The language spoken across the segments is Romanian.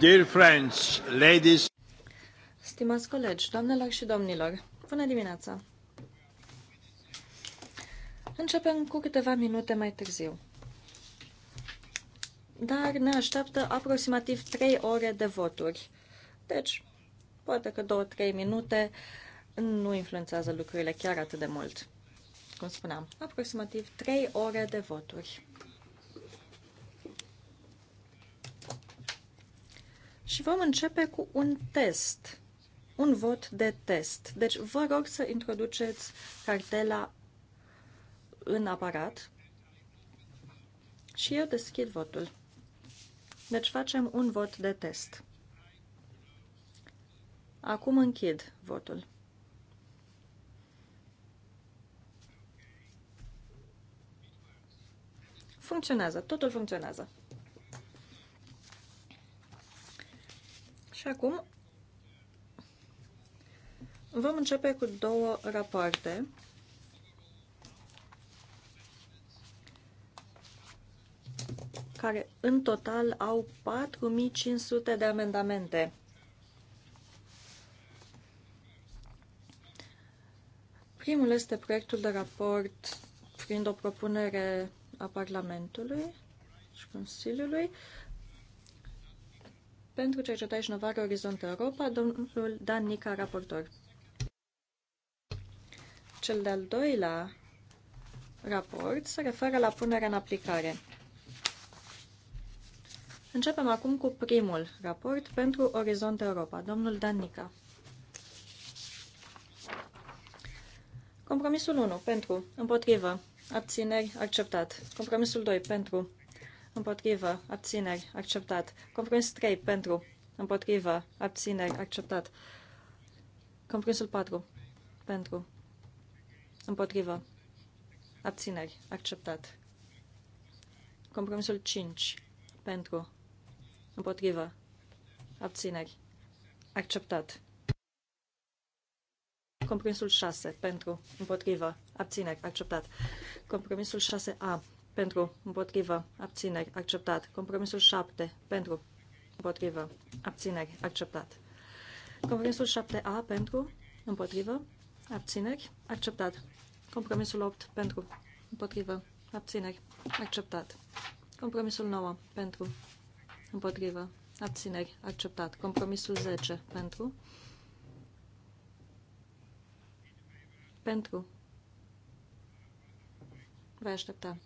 Dear friends, ladies... Stimați colegi, doamnelor și domnilor, bună dimineața! Începem cu câteva minute mai târziu. Dar ne așteaptă aproximativ 3 ore de voturi. Deci, poate că 2-3 minute nu influențează lucrurile chiar atât de mult. Cum spuneam, aproximativ 3 ore de voturi. și vom începe cu un test, un vot de test. Deci vă rog să introduceți cartela în aparat și eu deschid votul. Deci facem un vot de test. Acum închid votul. Funcționează, totul funcționează. Și acum vom începe cu două rapoarte. care în total au 4500 de amendamente. Primul este proiectul de raport prin o propunere a Parlamentului și Consiliului pentru cercetare și inovare Orizont Europa, domnul Dan Nica, raportor. Cel de-al doilea raport se referă la punerea în aplicare. Începem acum cu primul raport pentru Orizont Europa, domnul Dan Nica. Compromisul 1 pentru, împotrivă, abțineri, acceptat. Compromisul 2 pentru, împotrivă, abțineri, acceptat. Compromis 3, pentru, împotrivă, abțineri, acceptat. Compromisul 4, pentru, împotrivă, abțineri, acceptat. Compromisul 5, pentru, împotrivă, abțineri, acceptat. Compromisul 6, pentru, împotrivă, abțineri, acceptat. Compromisul 6A, pentru, împotrivă, abțineri, acceptat. Compromisul 7, pentru, împotrivă, abțineri, acceptat. Compromisul 7A, pentru, împotrivă, abțineri, acceptat. Compromisul 8, pentru, împotrivă, abțineri, acceptat. Compromisul 9, pentru, împotrivă, abțineri, acceptat. Compromisul 10, pentru, pentru, Vei aștepta.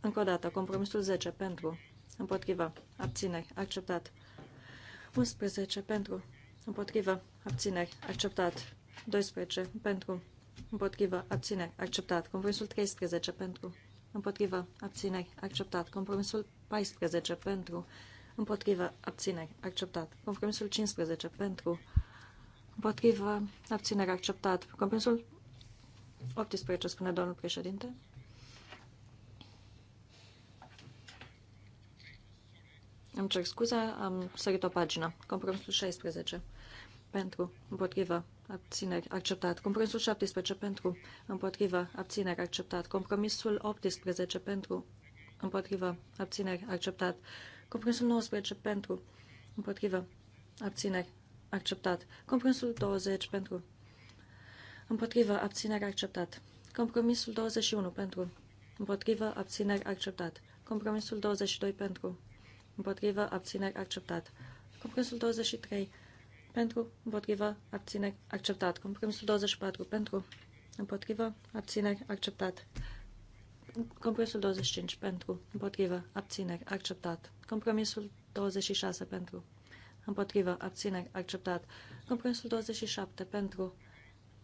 Încă o dată, compromisul 10 pentru, împotriva, abțineri, acceptat. 11 pentru, împotriva, abțineri, acceptat. 12 pentru, împotriva, abțineri, acceptat. Compromisul 13 pentru, împotriva, abțineri, acceptat. Compromisul 14 pentru, împotriva, abțineri, acceptat. Compromisul 15 pentru, împotriva, abțineri, acceptat. Compromisul 18, spune domnul președinte. Îmi cer scuze, am sărit o pagină. Compromisul 16. Pentru, împotrivă, abțineri, acceptat. Compromisul 17. Pentru, împotrivă, abțineri, acceptat. Compromisul 18. Pentru, împotrivă, abțineri, acceptat. Compromisul 19. Pentru, împotrivă, abțineri, acceptat. Compromisul 20. Pentru, împotrivă, abțineri, acceptat. Compromisul 21. Pentru, împotrivă, abțineri, acceptat. Compromisul 22. Pentru, împotrivă, abțineri, acceptat. Compromisul 23 pentru, împotrivă, abțineri, acceptat. Compromisul 24 pentru, împotrivă, abțineri, acceptat. Compromisul 25 pentru, împotrivă, abțineri, acceptat. Compromisul 26 pentru, împotrivă, abțineri, acceptat. Compromisul 27 pentru,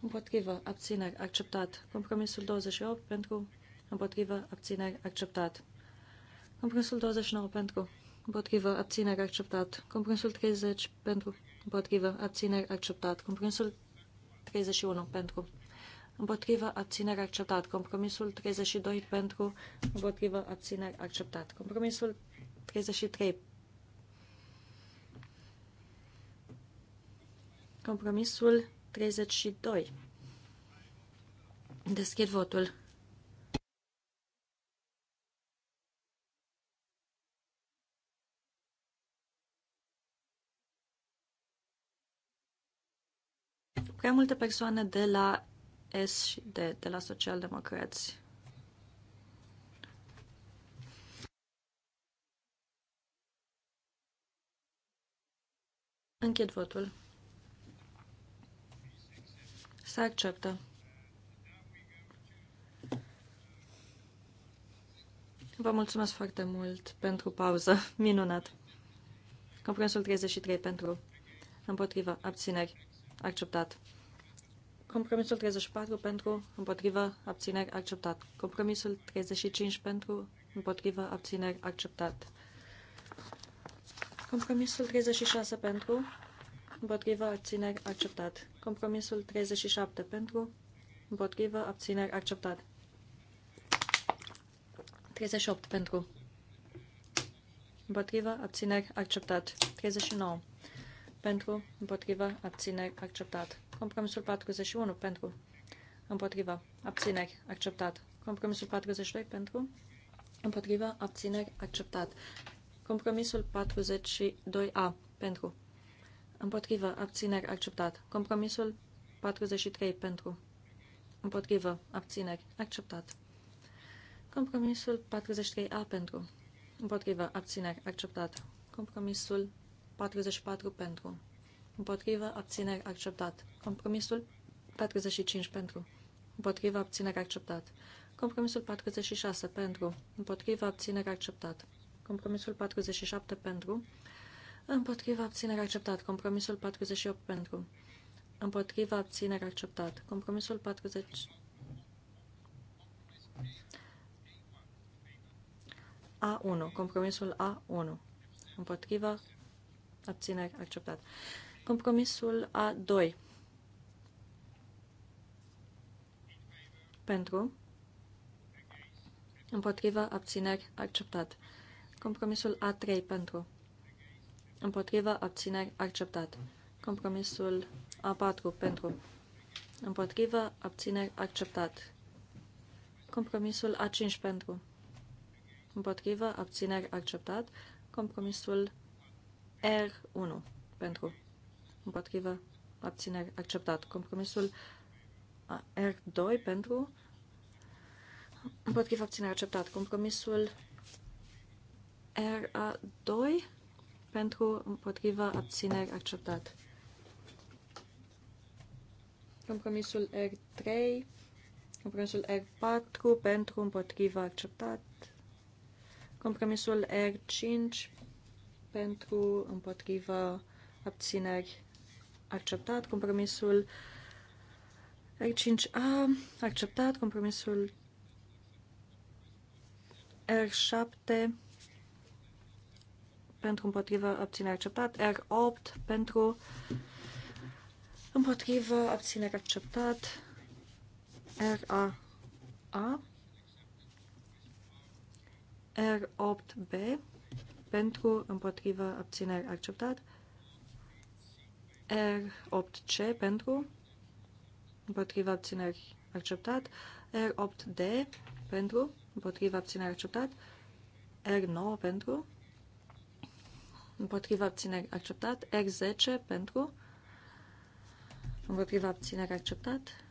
împotrivă, abțineri, acceptat. Compromisul 28 pentru, împotrivă, abțineri, acceptat. Compromisul 29 pentru, împotrivă, abținere, acceptat. Compromisul 30 pentru, împotrivă, abținere, acceptat. Compromisul 31 pentru, împotrivă, abținere, acceptat. Compromisul 32 pentru, împotrivă, abținere, acceptat. Compromisul 33 Compromisul 32. Deschid votul. prea multe persoane de la S și D, de la socialdemocrați. Închid votul. Să acceptă. Vă mulțumesc foarte mult pentru pauză. Minunat. Compromisul 33 pentru împotriva abțineri. Acceptat. Compromisul 34 pentru, împotrivă, abțineri, acceptat. Compromisul 35 pentru, împotrivă, abțineri, acceptat. Compromisul 36 pentru, împotrivă, abțineri, acceptat. Compromisul 37 pentru, împotrivă, abțineri, acceptat. 38 pentru, împotrivă, abțineri, acceptat. 39 pentru, împotrivă, abțineri, acceptat. Compromisul 41 pentru. Împotriva. Abțineri. Acceptat. Compromisul 42 pentru. Împotriva. Abțineri. Acceptat. Compromisul 42A pentru. Împotriva. Abțineri. Acceptat. Compromisul 43 pentru. Împotrivă. Abțineri. Acceptat. Compromisul 43A pentru. Împotrivă. Abțineri. Acceptat. Compromisul 44 pentru. Împotrivă, abțineri, acceptat. Compromisul 45 pentru. Împotrivă, abțineri, acceptat. Compromisul 46 pentru. Împotrivă, abțineri, acceptat. Compromisul 47 pentru. Împotrivă, abțineri, acceptat. Compromisul 48 pentru. Împotrivă, abțineri, acceptat. Compromisul 40... A1. Compromisul A1. Împotrivă, Abțineri. Acceptat. Compromisul A2. Pentru. Împotriva Abțineri. Acceptat. Compromisul A3. Pentru. Împotriva Abțineri. Acceptat. Compromisul A4. Pentru. Împotriva Abțineri. Acceptat. Compromisul A5 pentru. Împotriva abțineri, acceptat. Compromisul R1 pentru împotrivă, abțineri, acceptat. Compromisul R2 pentru, împotrivă, abțineri, acceptat. Compromisul R2 pentru, împotrivă, abțineri, acceptat. Compromisul R3, compromisul R4 pentru, împotrivă, acceptat. Compromisul R5 pentru, împotrivă, abțineri, acceptat compromisul R5A, acceptat compromisul R7 pentru împotrivă obținere acceptat, R8 pentru împotrivă obținere acceptat, RAA, R8B pentru împotrivă obținere acceptat, R8C pentru, împotriva abțineri acceptat, R8D pentru, împotriva abțineri acceptat, R9 pentru, împotriva abțineri acceptat, R10 pentru, împotriva abțineri acceptat,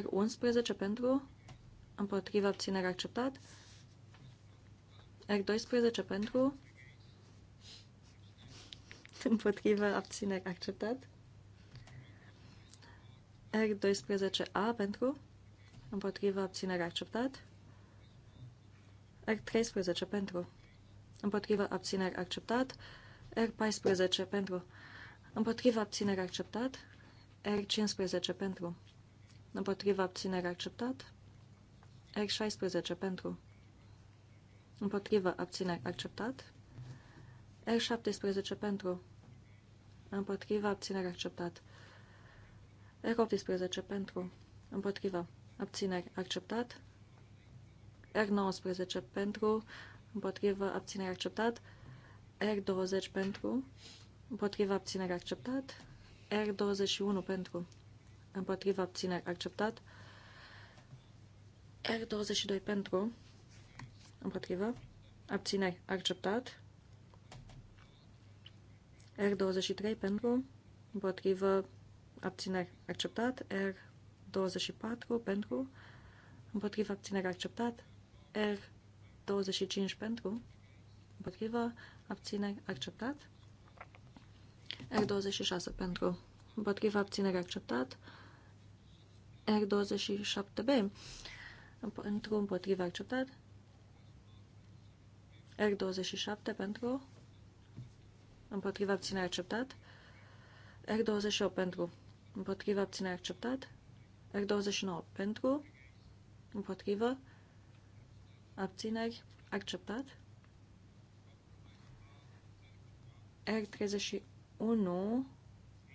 R11 pentru, împotriva abțineri acceptat, R12 pentru, împotrivă, abțineri, acceptat. R12A pentru, împotrivă, abțineri acceptat. R13 pentru, împotrivă, abțineri acceptat. R14 pentru, împotrivă, abțineri acceptat. R15 pentru, împotrivă, abțineri acceptat. R16 pentru, împotrivă, abțineri acceptat. R17 pentru. Împotriva abținere acceptat. R18 pentru. Împotriva abținere acceptat. R19 pentru. Împotriva abținere acceptat. R20 pentru. Împotriva abținere acceptat. R21 pentru. Împotriva abținere acceptat. R22 pentru. Împotriva. Abțineri acceptat. R23 pentru, împotrivă, abțineri acceptat, R24 pentru, împotrivă, abțineri acceptat, R25 pentru, împotrivă, abțineri acceptat, R26 pentru, împotrivă, abțineri acceptat, R27B pentru, împotrivă, acceptat, R27 pentru, împotriva abținere acceptat, R28 pentru, împotriva abținere acceptat, R29 pentru, împotriva, abțineri, acceptat, R31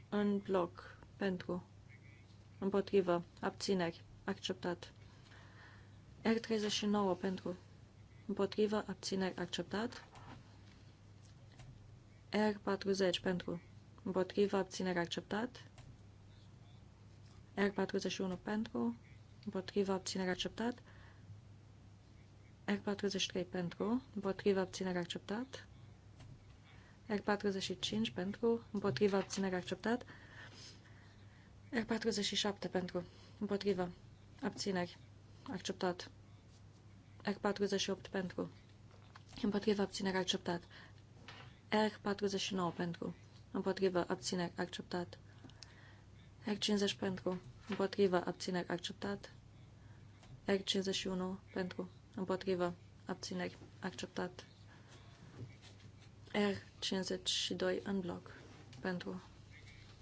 în bloc, pentru, împotrivă, abțineri, acceptat. R39 pentru, împotrivă, abțineri, acceptat. R40 pentru împotriva abținere acceptat. R41 pentru împotriva abținere acceptat. R43 pentru împotriva abținere acceptat. R45 pentru împotriva abținere acceptat. R47 pentru împotriva abțineri acceptat. R48 pentru împotriva abținere acceptat. R49 pentru, împotrivă, abțineri, acceptat. R50 pentru, împotrivă, abțineri, acceptat. R51 pentru, împotrivă, abțineri, acceptat. R52 în bloc, pentru,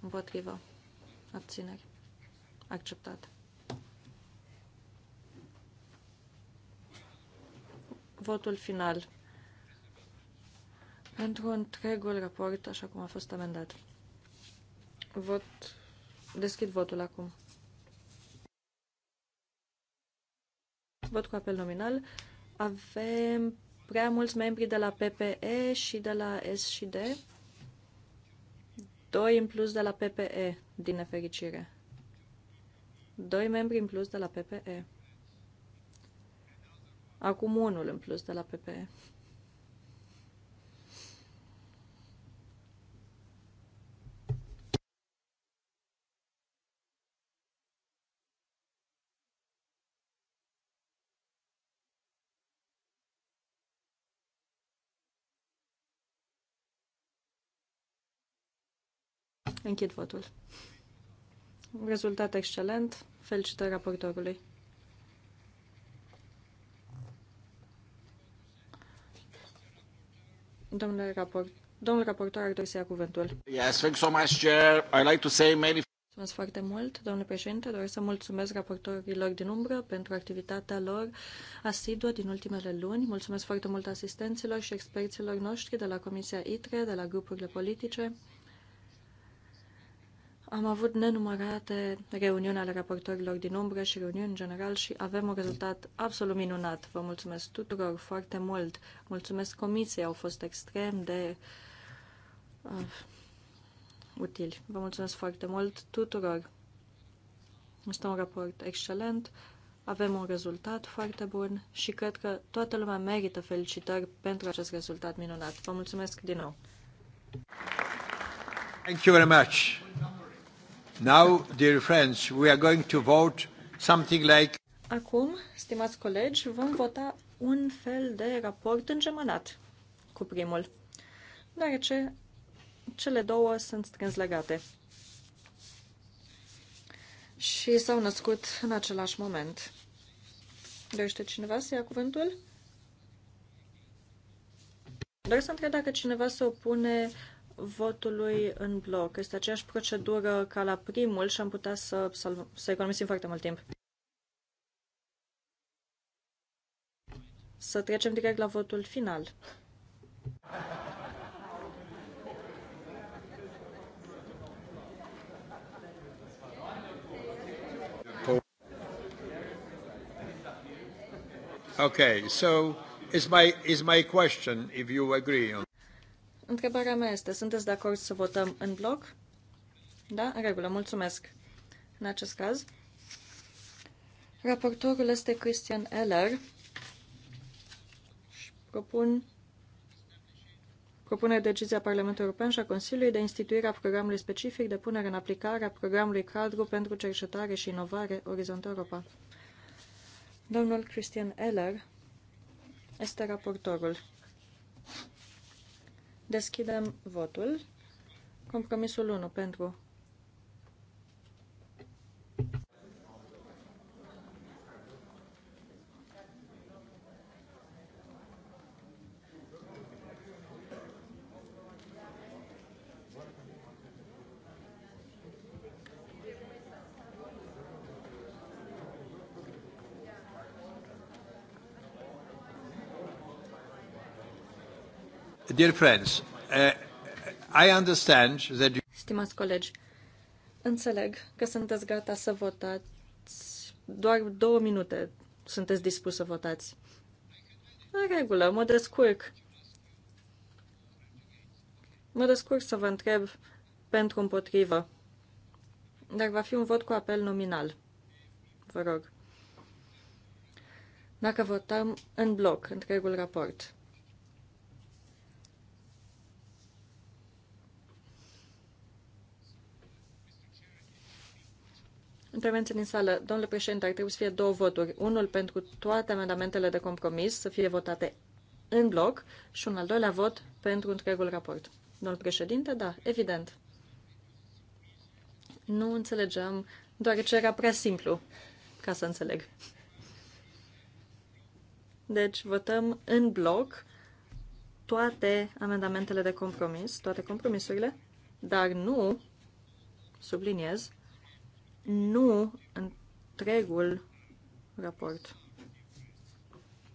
împotrivă, abțineri, acceptat. Votul final pentru întregul raport, așa cum a fost amendat. Vot. Deschid votul acum. Vot cu apel nominal. Avem prea mulți membri de la PPE și de la S și D. Doi în plus de la PPE, din nefericire. Doi membri în plus de la PPE. Acum unul în plus de la PPE. Închid votul. Rezultat excelent. Felicitări raportorului. Domnule raport, domnul raportor ar dori să ia cuvântul. Yes, you so much, Chair. I like to say many... Mulțumesc foarte mult, domnule președinte. Doresc să mulțumesc raportorilor din umbră pentru activitatea lor asiduă din ultimele luni. Mulțumesc foarte mult asistenților și experților noștri de la Comisia ITRE, de la grupurile politice am avut nenumărate reuniuni ale raportorilor din umbră și reuniuni în general și avem un rezultat absolut minunat. Vă mulțumesc tuturor foarte mult. Mulțumesc comisiei, au fost extrem de uh, utili. Vă mulțumesc foarte mult tuturor. Este un raport excelent, avem un rezultat foarte bun și cred că toată lumea merită felicitări pentru acest rezultat minunat. Vă mulțumesc din nou. Thank you very much. Now, dear friends, we are going to vote something like... Acum, stimați colegi, vom vota un fel de raport îngemănat cu primul, deoarece cele două sunt strâns legate și s-au născut în același moment. Dorește cineva să ia cuvântul? Doar să întreb dacă cineva se opune votului în bloc. Este aceeași procedură ca la primul și am putea să, să economisim foarte mult timp. Să trecem direct la votul final. Okay, so is my is my question if you agree on Întrebarea mea este, sunteți de acord să votăm în bloc? Da? În regulă, mulțumesc. În acest caz, raportorul este Christian Eller și propun propune decizia Parlamentului European și a Consiliului de instituire a programului specific de punere în aplicare a programului cadru pentru cercetare și inovare Orizont Europa. Domnul Christian Eller este raportorul. Deschidem votul. Compromisul 1 pentru Dear friends, uh, I understand that you... Stimați colegi, înțeleg că sunteți gata să votați. Doar două minute sunteți dispus să votați. În regulă, mă descurc. Mă descurc să vă întreb pentru împotrivă. Dar va fi un vot cu apel nominal. Vă rog. Dacă votăm în bloc întregul raport. Intervenție din sală. Domnule președinte, ar trebui să fie două voturi. Unul pentru toate amendamentele de compromis să fie votate în bloc și un al doilea vot pentru întregul raport. Domnul președinte, da, evident. Nu înțelegeam, ce era prea simplu ca să înțeleg. Deci votăm în bloc toate amendamentele de compromis, toate compromisurile, dar nu, subliniez, nu întregul raport.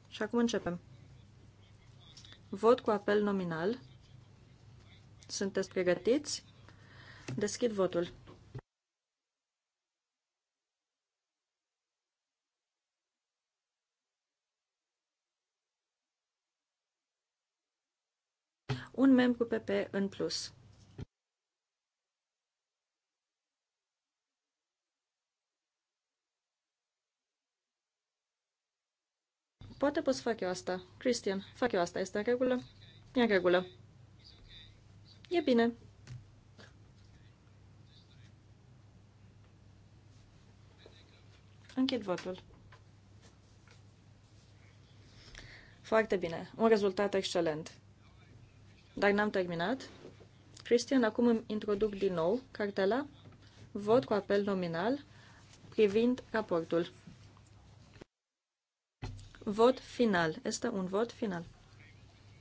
Și acum începem. Vot cu apel nominal. Sunteți pregătiți? Deschid votul. Un membru PP în plus. Poate pot să fac eu asta. Christian, fac eu asta. Este în regulă? E în regulă. E bine. Închid votul. Foarte bine. Un rezultat excelent. Dar n-am terminat. Cristian, acum îmi introduc din nou cartela Vot cu apel nominal privind raportul. Vot final. Este un vot final.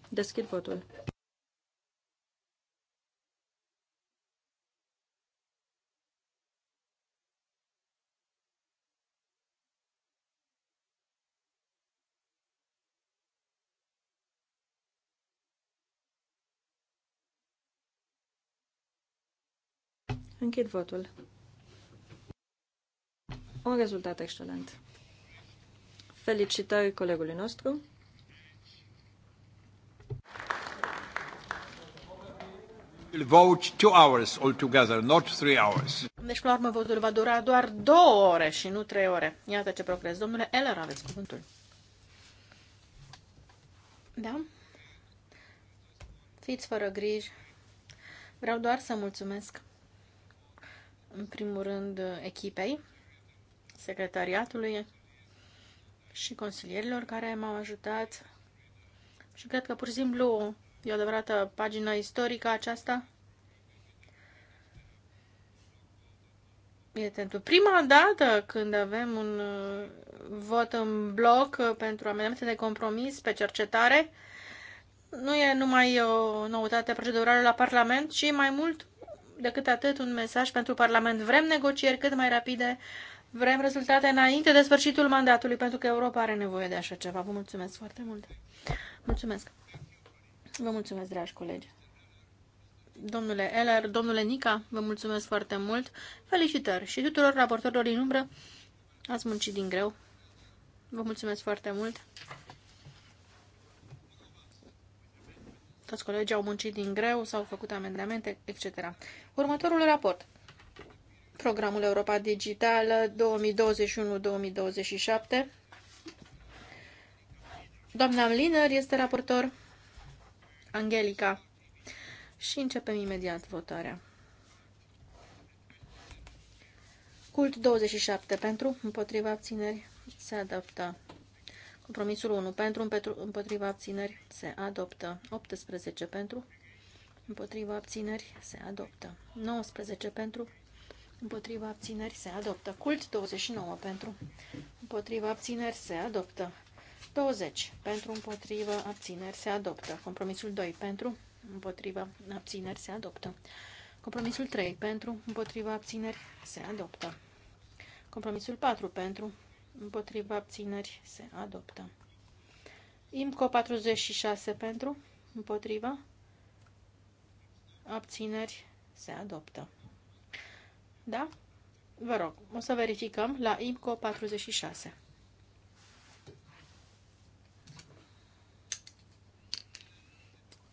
Deschid votul. Închid votul. Un rezultat excelent. Felicitări colegului nostru. Vote two hours altogether, not three hours. Deci, până la urmă, votul va dura doar două ore și nu trei ore. Iată ce progres. Domnule Eller, aveți cuvântul. Da? Fiți fără griji. Vreau doar să mulțumesc, în primul rând, echipei, secretariatului, și consilierilor care m-au ajutat și cred că pur și simplu e o adevărată pagină istorică aceasta. E pentru prima dată când avem un uh, vot în bloc uh, pentru amendamente de compromis pe cercetare. Nu e numai o noutate procedurală la Parlament, ci mai mult decât atât un mesaj pentru Parlament. Vrem negocieri cât mai rapide, Vrem rezultate înainte de sfârșitul mandatului, pentru că Europa are nevoie de așa ceva. Vă mulțumesc foarte mult. Mulțumesc. Vă mulțumesc, dragi colegi. Domnule Eller, domnule Nica, vă mulțumesc foarte mult. Felicitări și tuturor raportorilor din umbră. Ați muncit din greu. Vă mulțumesc foarte mult. Toți colegii au muncit din greu, s-au făcut amendamente, etc. Următorul raport programul Europa Digitală 2021-2027. Doamna Mliner este raportor Angelica și începem imediat votarea. Cult 27 pentru, împotriva abțineri, se adoptă. Compromisul 1 pentru, împotriva abțineri, se adoptă. 18 pentru, împotriva abțineri, se adoptă. 19 pentru, Împotriva abțineri se adoptă. Cult 29 pentru. Împotriva abțineri se adoptă. 20 pentru. Împotriva abțineri se adoptă. Compromisul 2 pentru. Împotriva abțineri se adoptă. Compromisul 3 pentru. Împotriva abțineri se adoptă. Compromisul 4 pentru. Împotriva abțineri se adoptă. IMCO 46 pentru. Împotriva abțineri se adoptă. Da? Vă rog, o să verificăm la IMCO 46.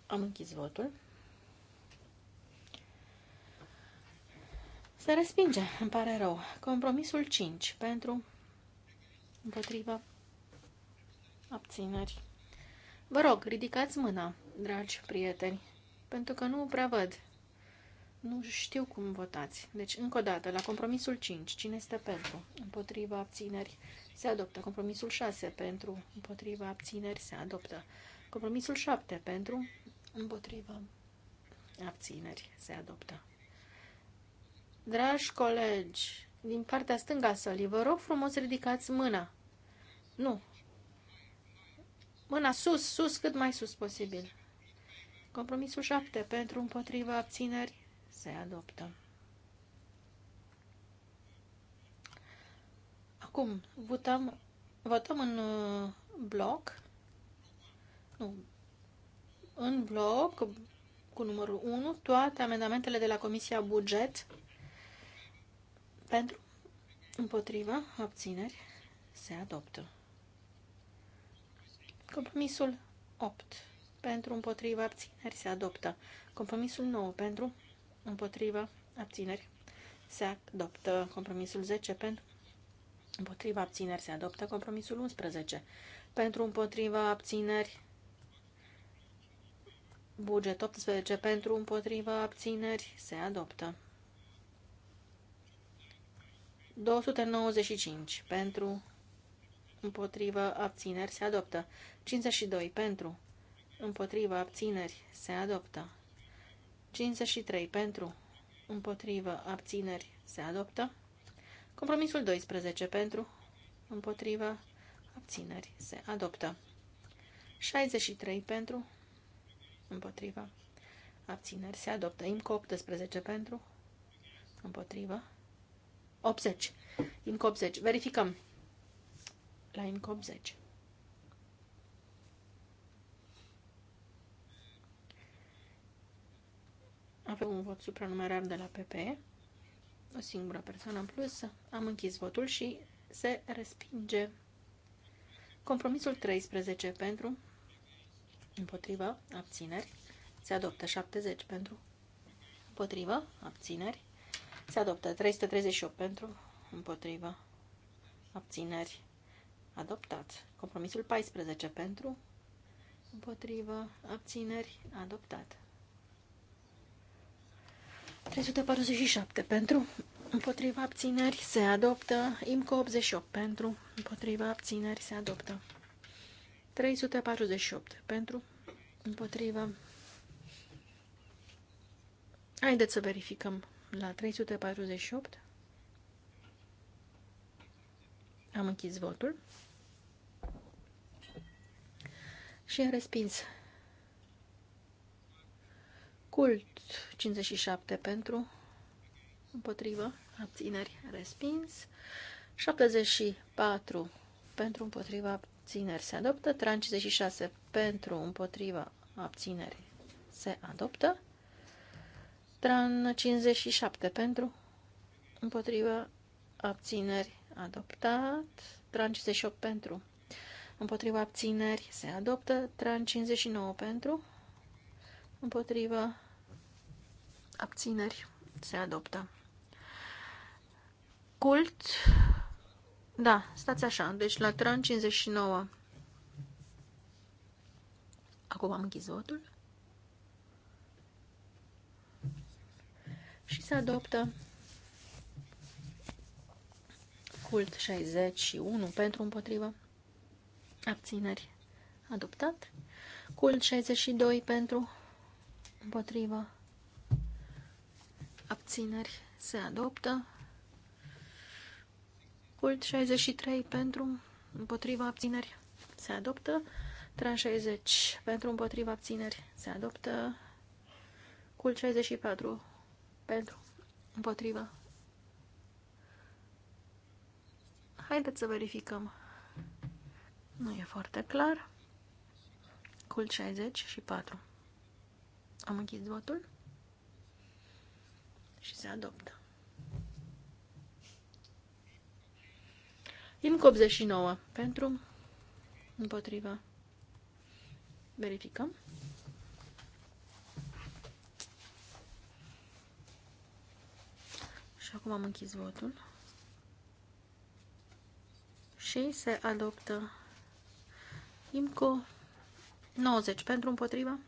Am închis votul. Se respinge, îmi pare rău. Compromisul 5 pentru împotriva abțineri. Vă rog, ridicați mâna, dragi prieteni, pentru că nu prea văd. Nu știu cum votați. Deci, încă o dată, la compromisul 5, cine este pentru? Împotriva abțineri se adoptă. Compromisul 6, pentru. Împotriva abțineri se adoptă. Compromisul 7, pentru. Împotriva abțineri se adoptă. Dragi colegi, din partea stângă a sălii, vă rog frumos ridicați mâna. Nu. Mâna sus, sus, cât mai sus posibil. Compromisul 7, pentru împotriva abțineri se adoptă. Acum, votăm, votăm în uh, bloc. Nu. În bloc, cu numărul 1, toate amendamentele de la Comisia Buget pentru, împotriva, abțineri, se adoptă. Compromisul 8. Pentru împotriva abțineri se adoptă. Compromisul 9. Pentru împotrivă, abțineri, se adoptă compromisul 10 pentru împotriva abțineri se adoptă compromisul 11 pentru împotriva abțineri buget 18 pentru împotriva abțineri se adoptă 295 pentru împotriva abțineri se adoptă 52 pentru împotriva abțineri se adoptă 53 pentru, împotrivă, abțineri, se adoptă. Compromisul 12 pentru, împotrivă, abțineri, se adoptă. 63 pentru, împotrivă, abțineri, se adoptă. IMCO 18 pentru, împotrivă, 80. IMCO 80. Verificăm la IMCO 80. Avem un vot supranumerar de la PP, o singură persoană în plus. Am închis votul și se respinge. Compromisul 13 pentru, împotrivă, abțineri. Se adoptă 70 pentru, împotrivă, abțineri. Se adoptă 338 pentru, împotrivă, abțineri. Adoptat. Compromisul 14 pentru, împotrivă, abțineri. Adoptat. 347 pentru, împotriva abțineri se adoptă, IMCO 88 pentru, împotriva abțineri se adoptă, 348 pentru, împotriva. Haideți să verificăm la 348. Am închis votul și a respins Cult 57 pentru, împotrivă, abțineri, respins. 74 pentru, împotriva, abțineri, se adoptă. Tran 56 pentru, împotriva, abțineri, se adoptă. Tran 57 pentru, împotriva, abțineri, adoptat. Tran 58 pentru, împotriva, abțineri, se adoptă. Tran 59 pentru, împotrivă, abțineri, se adoptă. Cult, da, stați așa, deci la tran 59. Acum am închis votul. Și se adoptă cult 61 pentru împotrivă, abțineri, adoptat. Cult 62 pentru împotrivă, abțineri, se adoptă. Cult 63 pentru, împotriva abțineri, se adoptă. Tran 60 pentru, împotriva abțineri, se adoptă. Cult 64 pentru, împotriva. Haideți să verificăm. Nu e foarte clar. Cult 60 și am închis votul și se adoptă. IMC 89 pentru împotriva. Verificăm. Și acum am închis votul. Și se adoptă IMCO 90 pentru împotriva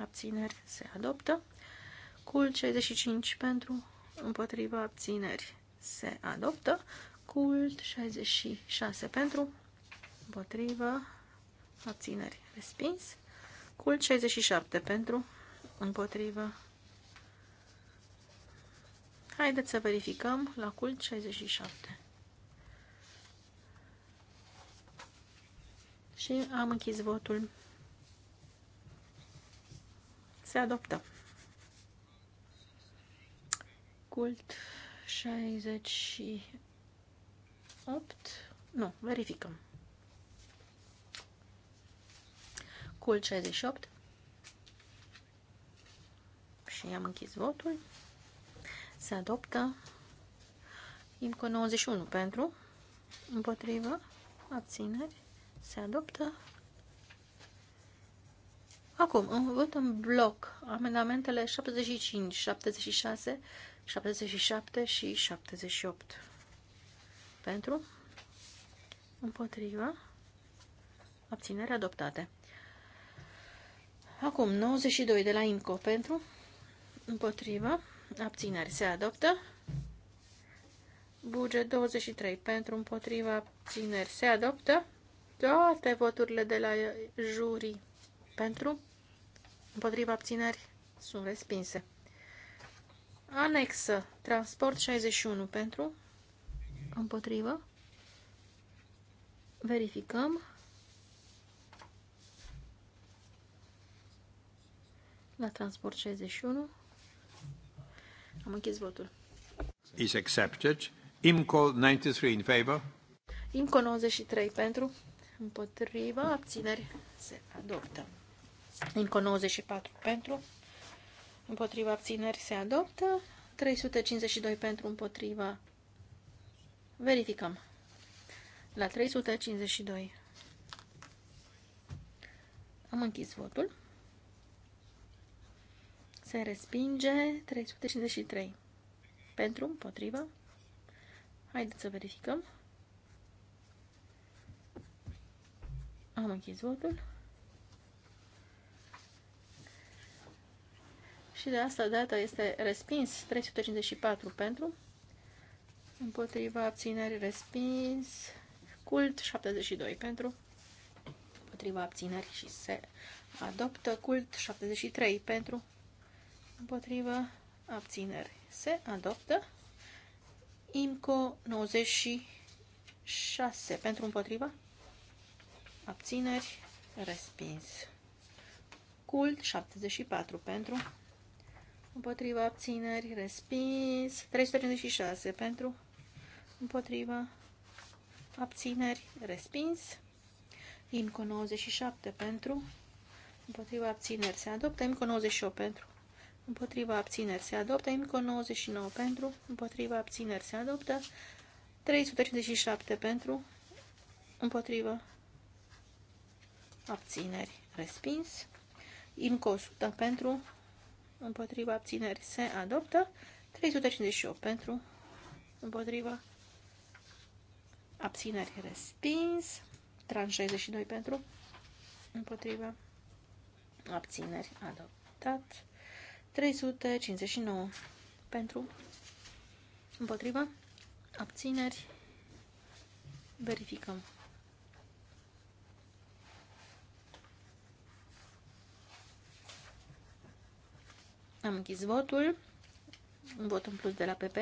abțineri se adoptă. Cul 65 pentru, împotriva abțineri se adoptă. Cult 66 pentru, împotriva abțineri respins. Cult 67 pentru, împotriva. Haideți să verificăm la cult 67. Și am închis votul se adoptă. Cult 68. Nu, verificăm. Cult 68. Și am închis votul. Se adoptă. Imco 91 pentru. Împotrivă. Abțineri. Se adoptă. Acum, am văzut în bloc amendamentele 75, 76, 77 și 78. Pentru? Împotriva? Abținere adoptate. Acum, 92 de la INCO. Pentru? Împotriva? Abțineri se adoptă. Buget 23 pentru împotriva abțineri se adoptă. Toate voturile de la jurii pentru, împotriva abțineri sunt respinse. Anexă, transport 61 pentru, împotrivă, verificăm. La transport 61. Am închis votul. Is accepted. IMCO 93 in favor. IMCO 93 pentru, împotriva, abțineri se adoptă. Încă 94 pentru, împotriva abțineri se adoptă, 352 pentru împotriva. Verificăm. La 352. Am închis votul. Se respinge 353. Pentru, împotriva. Haideți să verificăm. Am închis votul. și de asta data este respins 354 pentru, împotriva abținerii respins, cult 72 pentru, împotriva abținerii și se adoptă, cult 73 pentru, împotriva abțineri se adoptă, IMCO 96 pentru împotriva, abțineri respins. Cult 74 pentru împotriva abțineri, respins. 336 pentru, împotriva abțineri, respins. IMCO 97 pentru, împotriva abțineri, se adoptă. IMCO 98 pentru, împotriva abțineri, se adoptă. IMCO 99 pentru, împotriva abțineri, se adoptă. 357 pentru, împotriva abțineri, respins. IMCO 100 pentru, împotriva abțineri se adoptă. 358 pentru, împotriva abțineri respins. Tran 62 pentru, împotriva abțineri adoptat. 359 pentru, împotriva abțineri verificăm. Am închis votul. Un vot în plus de la PP.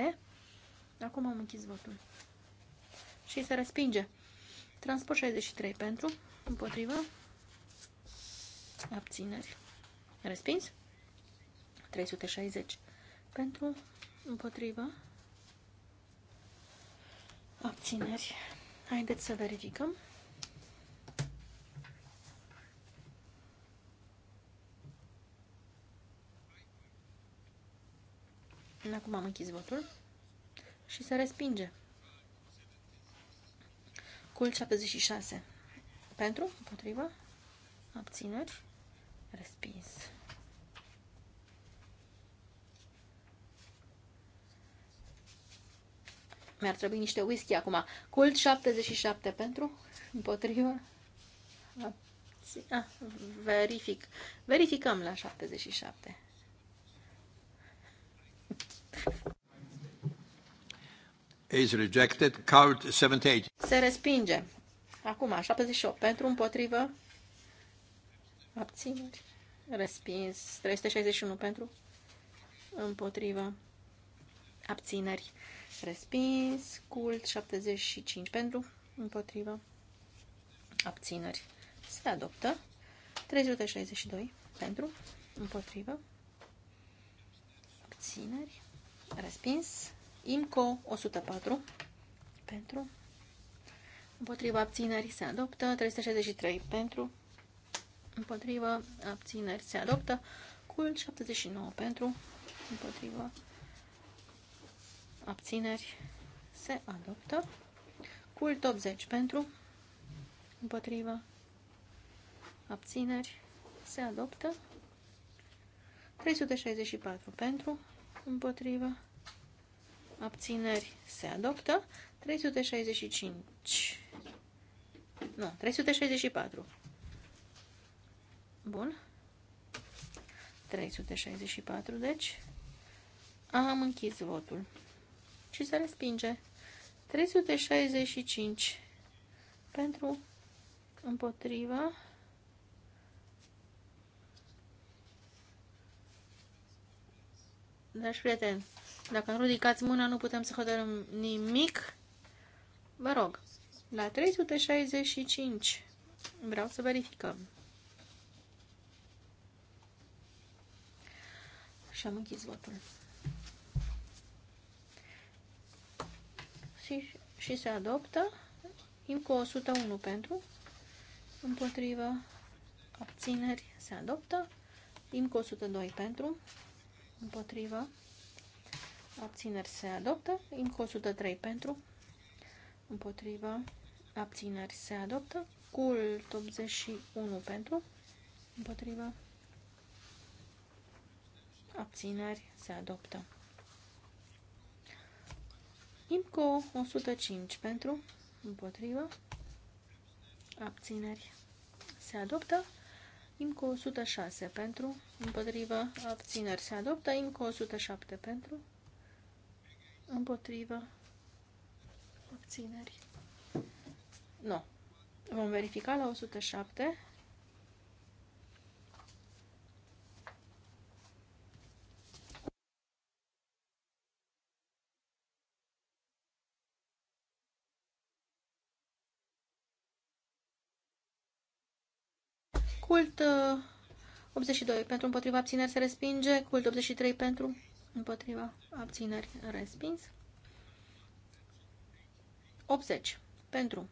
Acum am închis votul. Și se respinge. Transport 63 pentru, împotriva, abțineri. Respins. 360 pentru, împotriva, abțineri. Haideți să verificăm. Acum am închis votul și se respinge. Cul 76. Pentru? Împotriva? Abțineri? Respins. Mi-ar trebui niște whisky acum. Cult 77 pentru? Împotriva? Ah, verific. Verificăm la 77. Is rejected. Count 78. Se respinge. Acum, 78. Pentru, împotrivă, abțineri. Respins. 361 pentru, împotrivă, abțineri. Respins. Cult 75 pentru, împotrivă, abțineri. Se adoptă. 362 pentru, împotrivă, abțineri respins. IMCO 104 pentru. Împotriva abțineri se adoptă. 363 pentru. Împotriva abțineri se adoptă. Cult 79 pentru. Împotriva abțineri se adoptă. Cult 80 pentru. Împotriva abțineri se adoptă. 364 pentru împotrivă, abțineri se adoptă, 365, nu, 364, bun, 364, deci, am închis votul și se respinge 365 pentru împotriva Dragi prieteni, dacă nu ridicați mâna, nu putem să hotărâm nimic. Vă rog, la 365 vreau să verificăm. Și am închis votul. Și, și se adoptă. cu 101 pentru. Împotrivă. Abțineri. Se adoptă. cu 102 pentru împotrivă, abțineri se adoptă, INC 103 pentru, împotrivă, abțineri se adoptă, CULT 81 pentru, împotrivă, abțineri se adoptă. IMCO 105 pentru, împotrivă, abțineri se adoptă. IMCO 106 pentru, împotrivă, abțineri se adoptă, IMCO 107 pentru, împotrivă, abțineri. Nu. Vom verifica la 107. Cult 82 uh, pentru împotriva abțineri se respinge. Cult 83 pentru împotriva abțineri respins. 80 pentru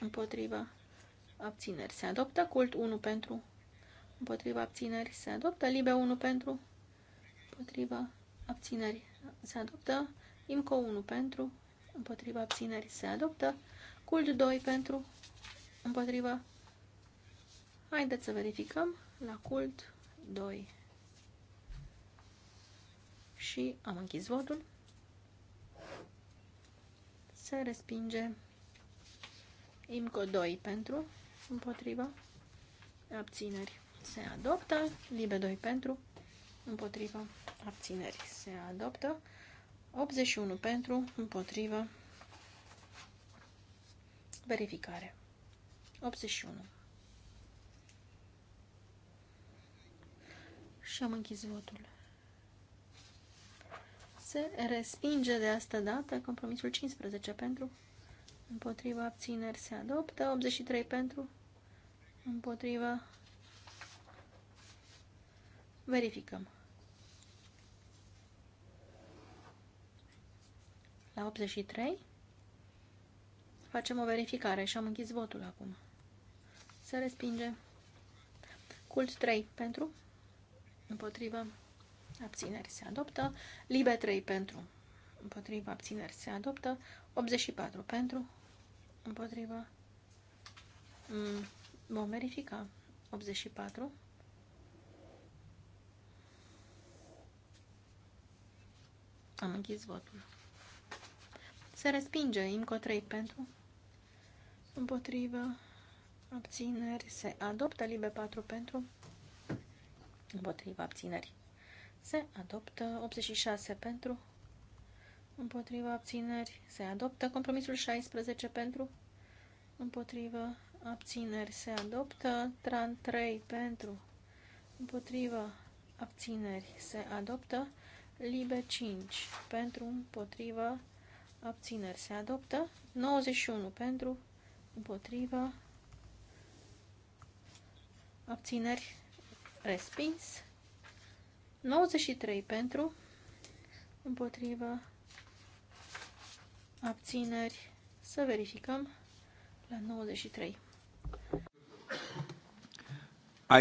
împotriva abțineri se adoptă. Cult 1 pentru împotriva abțineri se adoptă. Libe 1 pentru împotriva abțineri se adoptă. IMCO 1 pentru împotriva abțineri se adoptă. Cult 2 pentru împotriva Haideți să verificăm la cult 2. Și am închis votul. Se respinge IMCO 2 pentru, împotriva, abțineri. Se adoptă, LIBE 2 pentru, împotriva, abțineri. Se adoptă, 81 pentru, împotriva, verificare. 81. Și am închis votul. Se respinge de asta dată compromisul 15 pentru, împotriva abțineri se adoptă, 83 pentru, împotriva verificăm. La 83 facem o verificare și am închis votul acum. Se respinge. Cult 3 pentru, împotrivă, abțineri se adoptă, libe 3 pentru, împotrivă, abțineri se adoptă, 84 pentru, împotrivă, mm, vom verifica, 84 Am închis votul. Se respinge Inco 3 pentru. Împotrivă. Abțineri. Se adoptă LIBE 4 pentru împotriva abținerii. Se adoptă 86 pentru, împotriva abțineri. Se adoptă compromisul 16 pentru, împotriva abțineri. Se adoptă tran 3 pentru, împotriva abțineri. Se adoptă libe 5 pentru, împotriva abțineri. Se adoptă 91 pentru, împotriva abțineri respins. 93 pentru, împotrivă, abțineri, să verificăm la 93.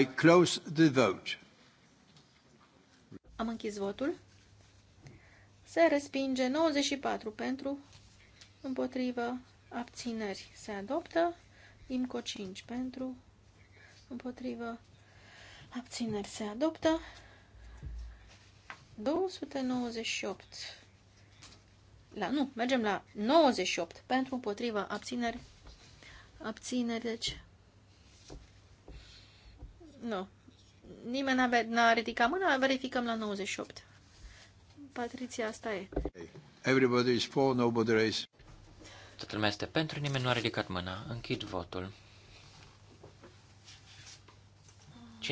I close the vote. Am închis votul. Se respinge 94 pentru, împotrivă, abțineri, se adoptă, IMCO 5 pentru, împotrivă, abțineri se adoptă. 298. La, nu, mergem la 98 pentru împotriva abțineri. Abțineri, deci. Nu. Nimeni n-a ridicat mâna, verificăm la 98. Patriția, asta e. Everybody is for, nobody is. Toată lumea este pentru, nimeni nu a ridicat mâna. Închid votul.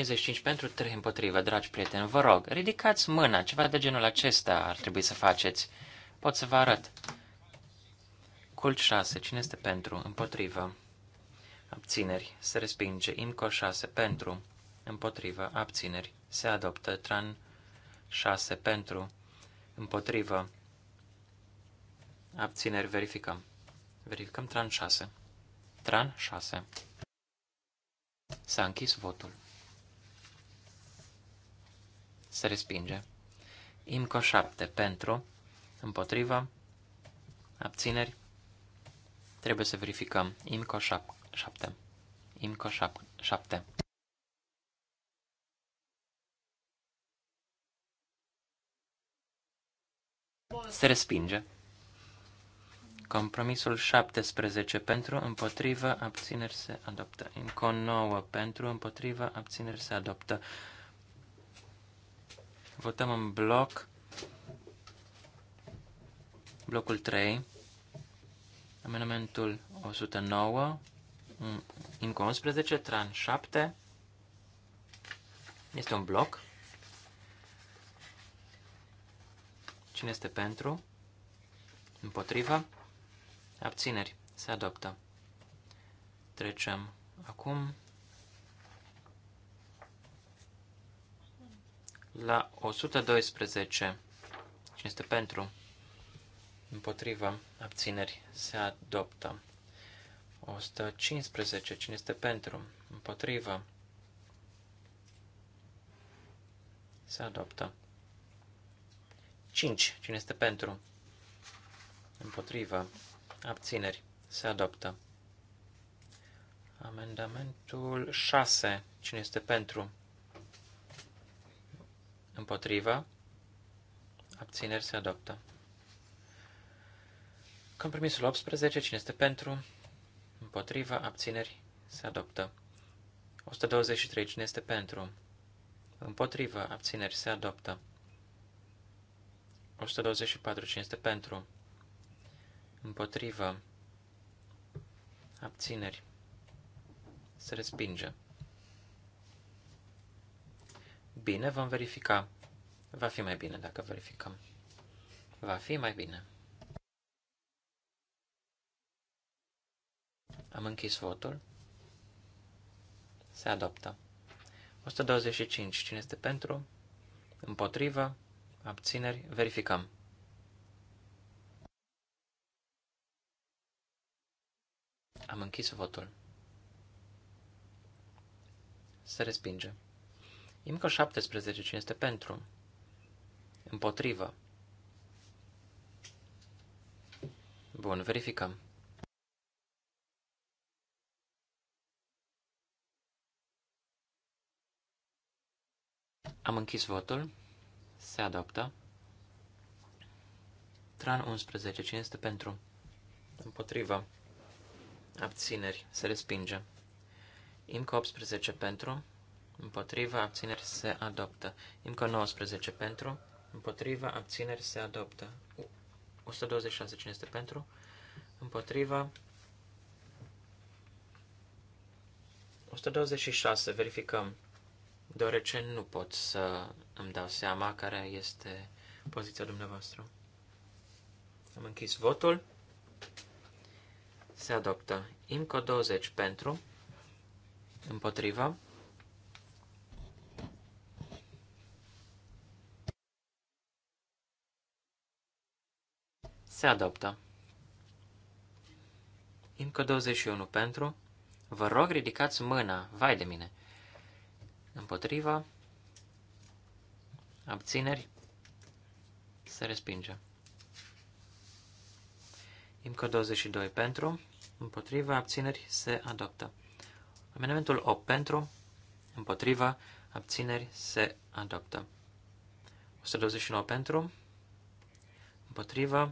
55 pentru, 3 împotrivă. Dragi prieteni, vă rog, ridicați mâna, ceva de genul acesta ar trebui să faceți. Pot să vă arăt. Cult 6, cine este pentru, împotrivă. Abțineri, se respinge. Imco 6, pentru, împotrivă, abțineri. Se adoptă. Tran 6, pentru, împotrivă. Abțineri, verificăm. Verificăm Tran 6. Tran 6. S-a închis votul se respinge. IMCO 7 pentru, împotriva, abțineri, trebuie să verificăm. IMCO 7. IMCO 7. Se respinge. Compromisul 17 pentru, împotriva, abțineri se adoptă. Inco 9 pentru, împotriva, abțineri se adoptă. Votăm în bloc blocul 3, amendamentul 109, În 11, TRAN 7. Este un bloc. Cine este pentru? Împotriva? Abțineri. Se adoptă. Trecem acum la 112. Cine este pentru? Împotrivă. Abțineri. Se adoptă. 115. Cine este pentru? Împotrivă. Se adoptă. 5. Cine este pentru? Împotrivă. Abțineri. Se adoptă. Amendamentul 6. Cine este pentru? Împotriva. Abțineri se adoptă. Compromisul 18. Cine este pentru? Împotriva. Abțineri se adoptă. 123. Cine este pentru? Împotriva. Abțineri se adoptă. 124. Cine este pentru? Împotriva. Abțineri. Se respinge. Bine, vom verifica. Va fi mai bine dacă verificăm. Va fi mai bine. Am închis votul. Se adoptă. 125. Cine este pentru? Împotrivă? Abțineri? Verificăm. Am închis votul. Se respinge. Imco 17, cine este pentru? Împotrivă. Bun, verificăm. Am închis votul. Se adoptă. Tran 11. Cine este pentru? Împotriva. Abțineri. Se respinge. Imco 18 pentru împotriva abțineri se adoptă. Încă 19 pentru, împotriva abțineri se adoptă. 126 cine este pentru, împotriva 126 verificăm, deoarece nu pot să îmi dau seama care este poziția dumneavoastră. Am închis votul. Se adoptă. IMCO 20 pentru, împotriva, Se adoptă. Încă 21 pentru. Vă rog, ridicați mâna. Vai de mine. Împotriva. Abțineri. Se respinge. Încă 22 pentru. Împotriva. Abțineri. Se adoptă. Amendamentul 8 pentru. Împotriva. Abțineri. Se adoptă. 129 pentru. Împotriva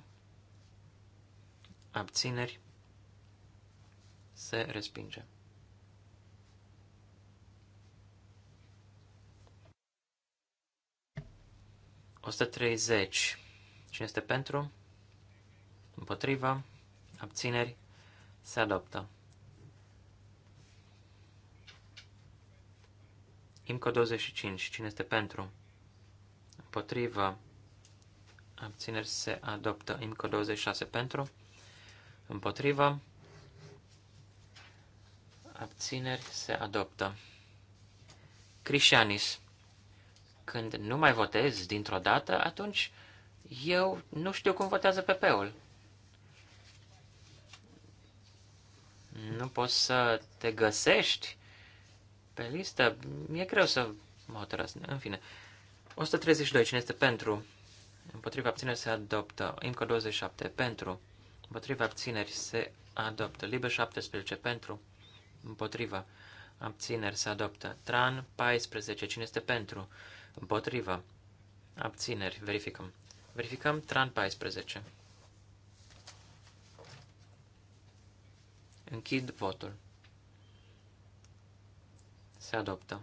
abțineri, se respinge. Osta 30. Cine este pentru? Împotriva? Abțineri? Se adoptă. Imco 25. Cine este pentru? Împotriva? Abțineri se adoptă. Imco 26 pentru. Împotriva. Abțineri se adoptă. Crișanis. Când nu mai votez dintr-o dată, atunci eu nu știu cum votează PP-ul. Nu poți să te găsești pe listă. Mi-e greu să mă hotărăsc. În fine. 132. Cine este pentru? Împotriva abțineri se adoptă. Încă 27. Pentru împotriva abțineri se adoptă. Liber 17 pentru, împotriva abțineri se adoptă. Tran 14, cine este pentru, împotriva abțineri, verificăm. Verificăm Tran 14. Închid votul. Se adoptă.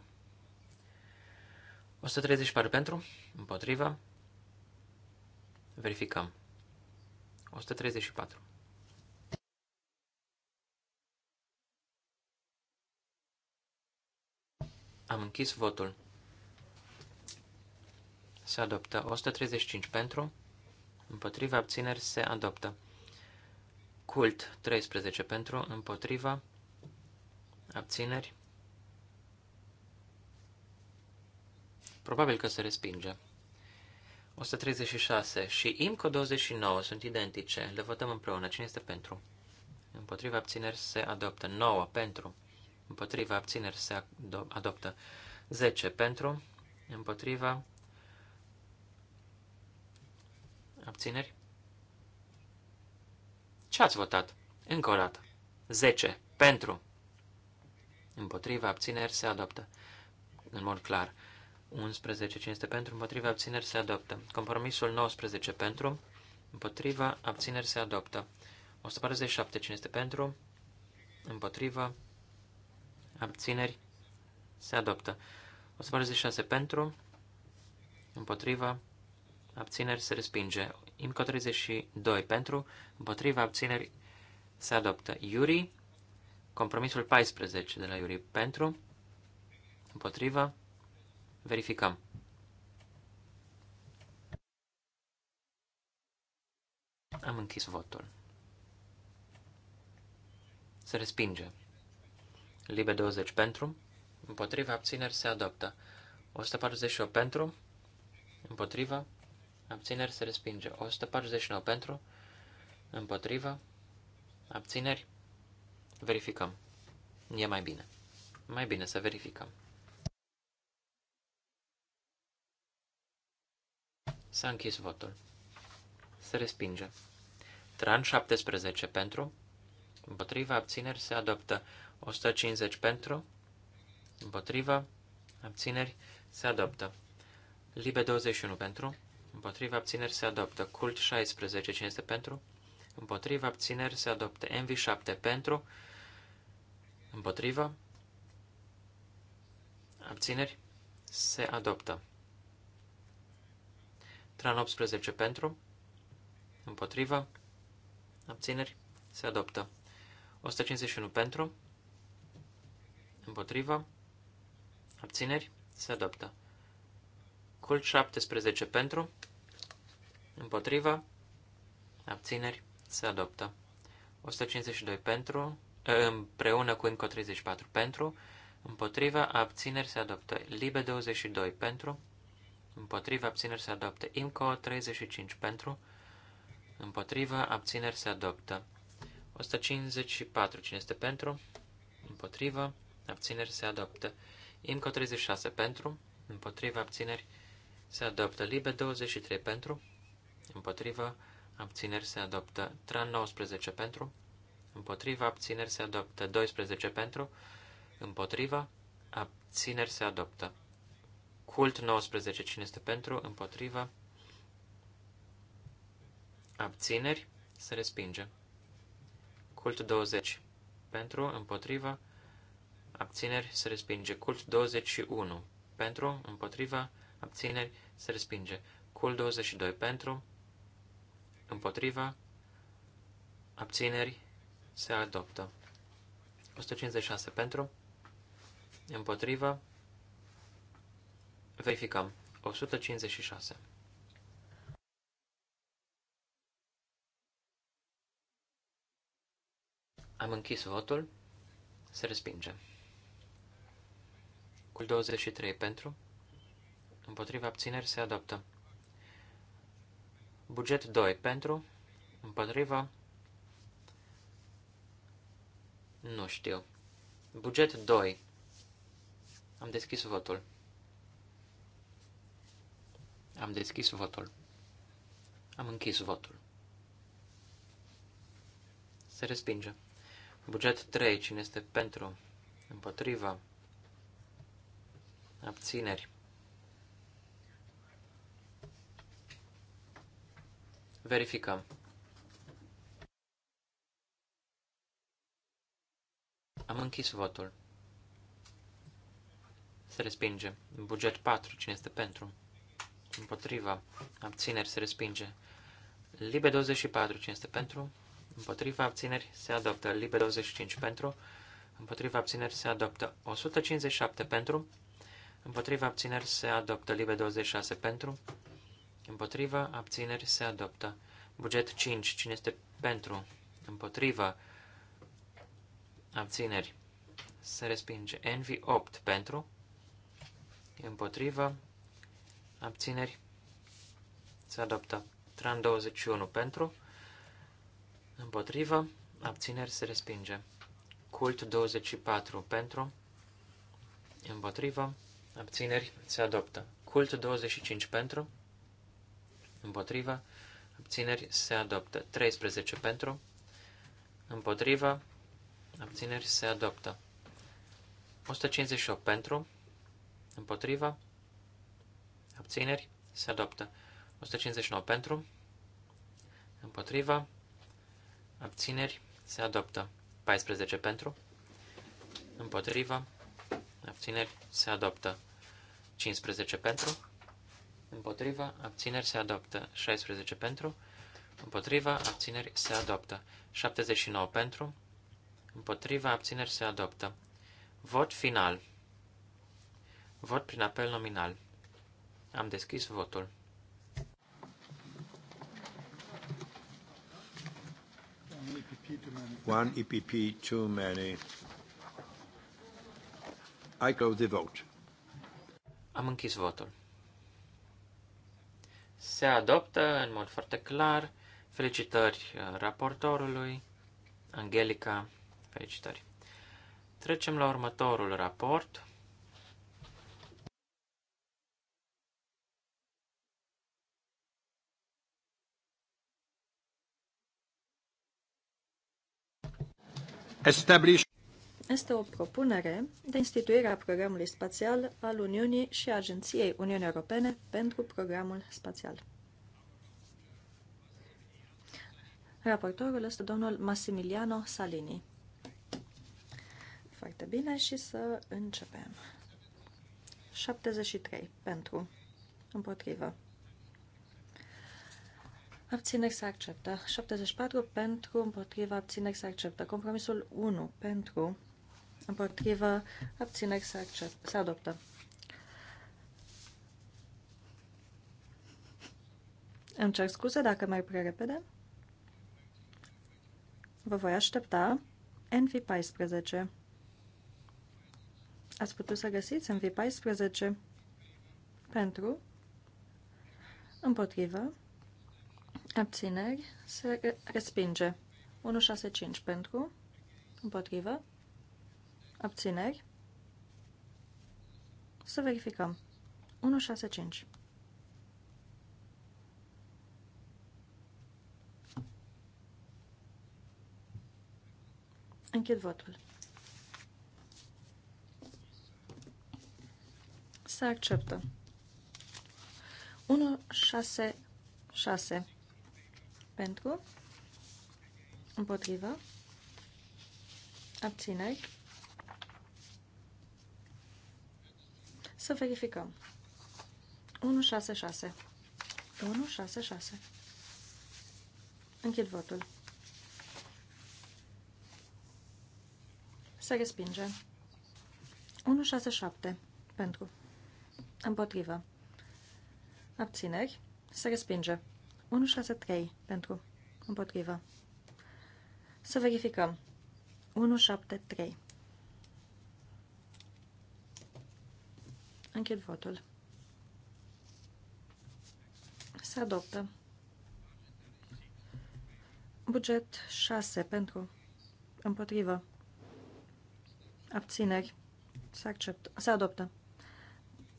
134 pentru, împotriva, verificăm. 134. Am închis votul. Se adoptă 135 pentru, împotriva abțineri se adoptă. Cult 13 pentru, împotriva abțineri. Probabil că se respinge. 136 și IMCO 29 sunt identice. Le votăm împreună. Cine este pentru? Împotriva abțineri se adoptă. 9 pentru. Împotriva abțineri se adoptă. 10 pentru. Împotriva abțineri. Ce ați votat? Încă o dată. 10 pentru. Împotriva abțineri se adoptă. În mod clar. 11. Cine este pentru, împotriva, abțineri, se adoptă. Compromisul 19 pentru, împotriva, abțineri, se adoptă. 147. Cine este pentru, împotriva, abțineri, se adoptă. 146 pentru, împotriva, abțineri, se respinge. Imco 32 pentru, împotriva, abțineri, se adoptă. Iuri, compromisul 14 de la Iuri pentru, împotriva, Verificăm. Am închis votul. Se respinge. Libe 20 pentru. Împotriva abțineri se adoptă. 148 pentru. Împotriva. Abțineri se respinge. 149 pentru. Împotriva. Abțineri. Verificăm. E mai bine. Mai bine să verificăm. S-a închis votul. Se respinge. Tran 17 pentru. Împotriva abțineri se adoptă. 150 pentru. Împotriva abțineri se adoptă. Libe 21 pentru. Împotriva abțineri se adoptă. Cult 16 cine este pentru. Împotriva abțineri se adoptă. Envi 7 pentru. Împotriva abțineri se adoptă. Tran 18 pentru, împotriva, abțineri, se adoptă. 151 pentru, împotriva, abțineri, se adoptă. Cult 17 pentru, împotriva, abțineri, se adoptă. 152 pentru, ă, împreună cu încă 34 pentru, împotriva, abțineri, se adoptă. Libe 22 pentru, împotriva abțineri se adoptă. IMCO 35 pentru, împotriva abțineri se adoptă. 154 cine este pentru, împotriva abțineri se adoptă. IMCO 36 pentru, împotriva abțineri se adoptă. Libe 23 pentru, împotriva abțineri se adoptă. Tran 19 pentru, împotriva abțineri se adoptă. 12 pentru, împotriva abțineri se adoptă. Cult 19. Cine este pentru? Împotriva. Abțineri. Se respinge. Cult 20. Pentru, împotriva, abțineri, se respinge. Cult 21. Pentru, împotriva, abțineri, se respinge. Cult 22. Pentru, împotriva, abțineri, se adoptă. 156. Pentru, împotriva, Verificăm. 156. Am închis votul. Se respinge. Cu 23 pentru. Împotriva abțineri se adoptă. Buget 2 pentru. Împotriva. Nu știu. Buget 2. Am deschis votul. Am deschis votul. Am închis votul. Se respinge. Buget 3. Cine este pentru? Împotriva? Abțineri. Verificăm. Am închis votul. Se respinge. Buget 4. Cine este pentru? împotriva, abțineri se respinge. Libe 24, cine este pentru, împotriva, abțineri se adoptă. Libe 25 pentru, împotriva, abțineri se adoptă. 157 pentru, împotriva, abțineri se adoptă. Libe 26 pentru, împotriva, abțineri se adoptă. Buget 5, cine este pentru, împotriva, abțineri se respinge. Envy 8 pentru, împotriva, abțineri, se adoptă. Tran 21 pentru, împotrivă, abțineri, se respinge. Cult 24 pentru, împotrivă, abțineri, se adoptă. Cult 25 pentru, împotrivă, abțineri, se adoptă. 13 pentru, împotrivă, abțineri, se adoptă. 158 pentru, împotriva, abțineri, se adoptă. 159 pentru, împotriva, abțineri, se adoptă. 14 pentru, împotriva, abțineri, se adoptă. 15 pentru, împotriva, abțineri, se adoptă. 16 pentru, împotriva, abțineri, se adoptă. 79 pentru, împotriva, abțineri, se adoptă. Vot final. Vot prin apel nominal. Am deschis votul. One EPP too many. I close the vote. Am închis votul. Se adoptă în mod foarte clar. Felicitări uh, raportorului, Angelica, felicitări. Trecem la următorul raport. este o propunere de instituire a programului spațial al Uniunii și a Agenției Uniunii Europene pentru programul spațial. Raportorul este domnul Massimiliano Salini. Foarte bine și să începem. 73 pentru, împotrivă, Abțineri se acceptă. 74 pentru, împotriva, abțineri se acceptă. Compromisul 1 pentru, împotriva, abțineri se, acceptă, se adoptă. Îmi cer scuze dacă mai prea repede. Vă voi aștepta. NV14. Ați putut să găsiți NV14 pentru, împotriva, abțineri, se respinge. 165 pentru, împotrivă, abțineri. Să verificăm. 165. Închid votul. Se acceptă. 166 pentru. Împotrivă. Abțineri. Să verificăm. 166. 166. Închid votul. Se respinge. 167. Pentru. Împotrivă. Abțineri. Se respinge. 163 pentru împotrivă. Să verificăm. 173. Închid votul. Se adoptă. Buget 6 pentru împotrivă. Abțineri. Se, acceptă, se adoptă.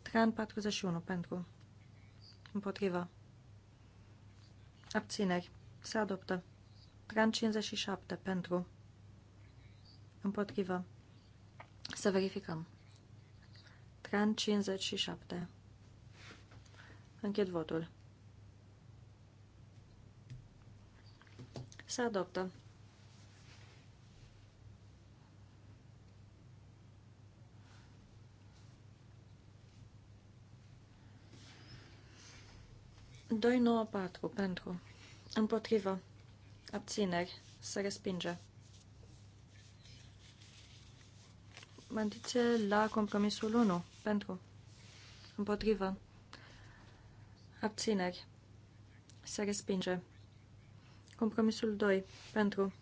Tran 41 pentru împotrivă. Abțineri. Se adoptă. Tran 57. Pentru. Împotrivă. Să verificăm. Tran 57. Închid votul. Se adoptă. 294 pentru. Împotrivă. Abțineri. Se respinge. Bandițe la compromisul 1. Pentru. Împotrivă. Abțineri. Se respinge. Compromisul 2. Pentru.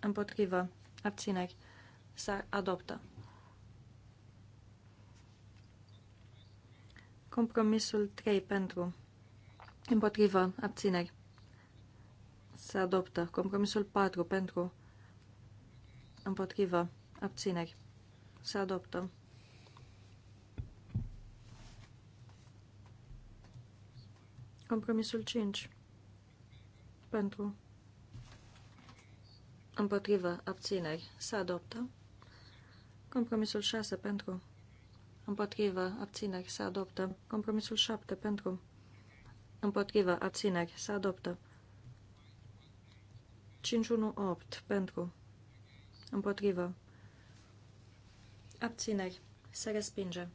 Împotrivă. Abțineri. Se adoptă. Compromisul 3. Pentru. Împotrivă. Abțineri. Se adoptă. Compromisul 4. Pentru. Împotrivă. Abțineri. Se adoptă. Compromisul 5. Pentru. Împotrivă. Abțineri. Se adoptă. Compromisul 6. Pentru. Împotrivă. Abțineri. Se adoptă. Compromisul 7. Pentru împotrivă, abțineri, se adoptă. 518 pentru, împotrivă, abțineri, se respinge.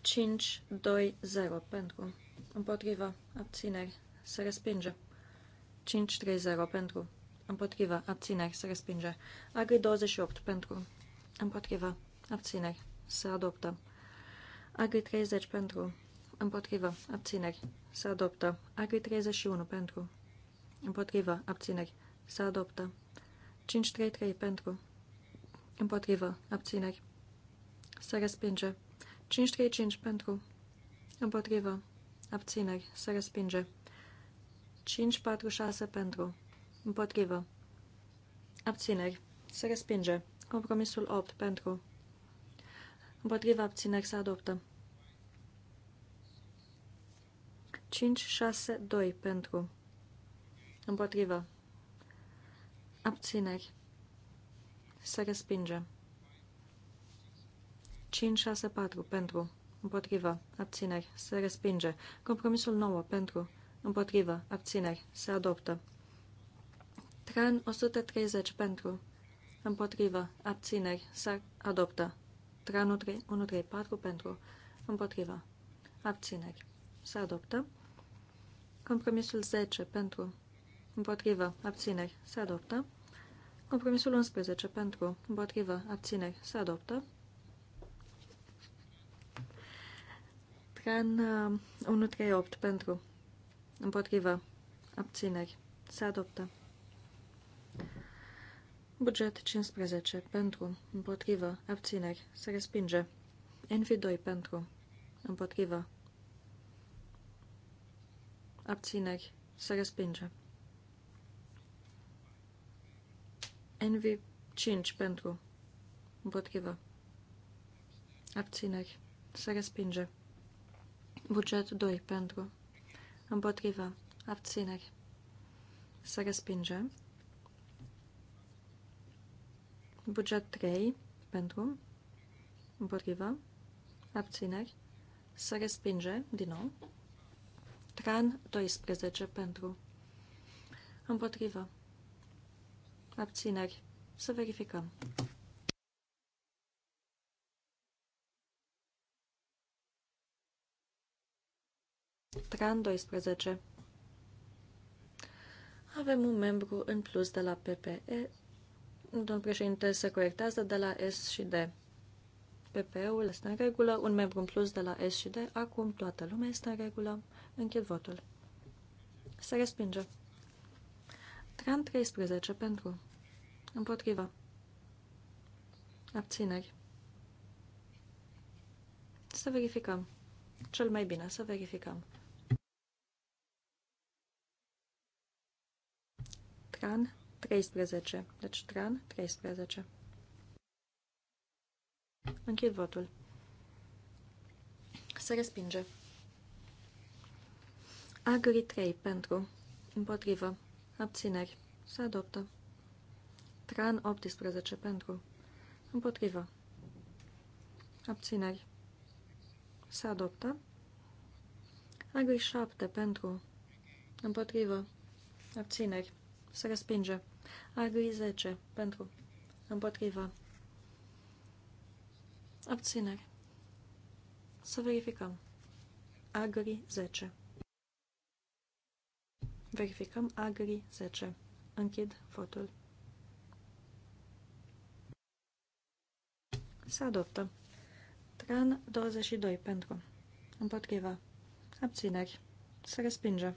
520 pentru, împotrivă, abțineri, se respinge. 530 pentru, împotrivă, abțineri, se respinge. Agri 28 pentru, împotrivă, abțineri, se adoptă. Agri 30 pentru, Împotrivă. Abțineri. Se adoptă. Agri 31. Pentru. Împotrivă. Abțineri. Se adoptă. 533. Pentru. Împotrivă. Abțineri. Se respinge. 535. Pentru. Împotrivă. Abțineri. Se respinge. 546. Pentru. Împotrivă. Abțineri. Se respinge. Compromisul 8. Pentru. Împotriva abțineri se adoptă. 5-6-2 pentru. Împotrivă. Abțineri. Se respinge. 5-6-4 pentru. Împotrivă. Abțineri. Se respinge. Compromisul 9 pentru. Împotrivă. Abțineri. Se adoptă. Tran 130 pentru. Împotrivă. Abțineri. Se adoptă. 1, 3, 4 pentru. Împotrivă. Abțineri. Se adoptă. Compromisul 10 pentru împotrivă abțineri se adoptă. Compromisul 11 pentru împotrivă abțineri se adoptă. Tran 138 uh, pentru împotrivă abțineri se adoptă. Buget 15 pentru împotrivă abțineri se respinge. NV2 pentru împotrivă abțineri, se respinge. Envy 5 pentru, împotrivă, abțineri, se respinge. Buget 2 pentru, împotrivă, abțineri, se respinge. Buget 3 pentru, împotrivă, abțineri, se respinge din nou. Tran 12 pentru. Împotrivă. Abțineri. Să verificăm. Tran 12. Avem un membru în plus de la PPE. Domnul președinte, se corectează de la S și D. PP-ul este în regulă, un membru în plus de la S și D, acum toată lumea este în regulă, închid votul. Se respinge. Tran 13 pentru. Împotriva. Abțineri. Să verificăm. Cel mai bine, să verificăm. Tran 13. Deci Tran 13. Închid votul. Se respinge. Agri 3 pentru. Împotrivă. Abțineri. Se adoptă. Tran 18 pentru. Împotrivă. Abțineri. Se adoptă. Agri 7 pentru. Împotrivă. Abțineri. Se respinge. Agri 10 pentru. Împotrivă. Abțineri. Să verificăm. Agri 10. Verificăm Agri 10. Închid votul. Se adoptă. Tran 22 pentru. Împotriva. Abțineri. Se respinge.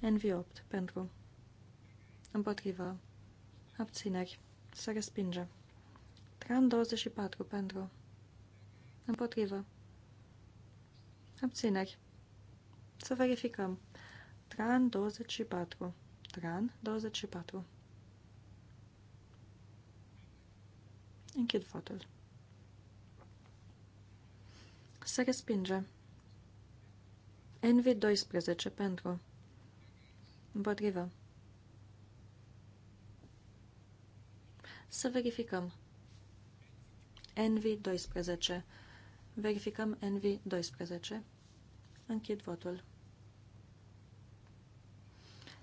NV8 pentru. Împotriva. Abțineri. Se respinge. Tran 24 pentru. Împotrivă. Abțineri. Să verificăm. Tran 24. Tran 24. Închid fotul. Se respinge. Envy 12 pentru. Împotrivă. Să verificăm. Envy 12. Verificăm Envy 12. Închid votul.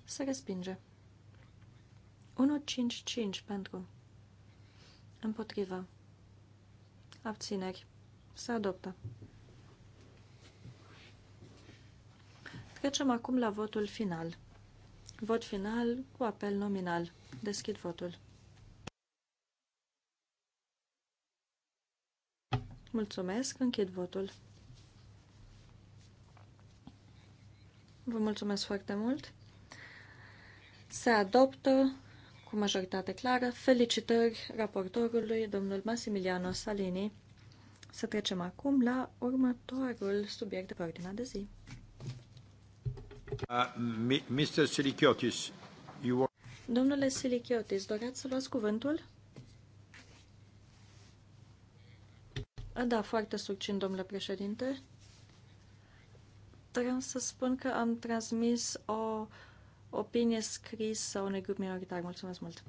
Se respinge. 155 pentru. Împotrivă. Abțineri. Se adoptă. Trecem acum la votul final. Vot final cu apel nominal. Deschid votul. Mulțumesc, închid votul. Vă mulțumesc foarte mult. Se adoptă cu majoritate clară. Felicitări raportorului, domnul Massimiliano Salini. Să trecem acum la următorul subiect de pe ordinea de zi. Uh, Mr. Silichiotis, you... Domnule Silichiotis, doreați să luați cuvântul? Da, foarte succint, domnule președinte. Trebuie să spun că am transmis o opinie scrisă unui grup minoritar. Mulțumesc mult!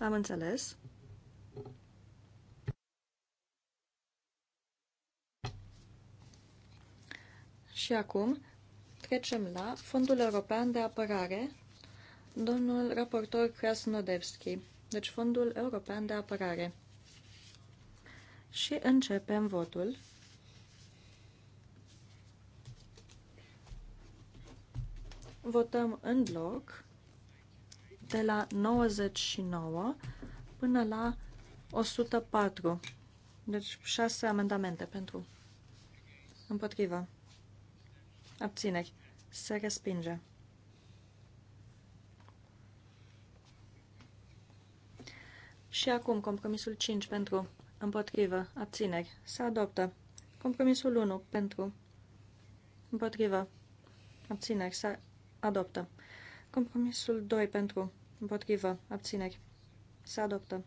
Am înțeles. Și acum trecem la Fondul European de Apărare, domnul raportor Krasnodevski, deci Fondul European de Apărare. Și începem votul. Votăm în bloc de la 99 până la 104. Deci 6 amendamente pentru împotriva abține Se respinge. Și acum compromisul 5 pentru împotrivă, abțineri, se adoptă. Compromisul 1 pentru împotrivă, abțineri, se adoptă. Compromisul 2 pentru împotrivă, abțineri, se adoptă.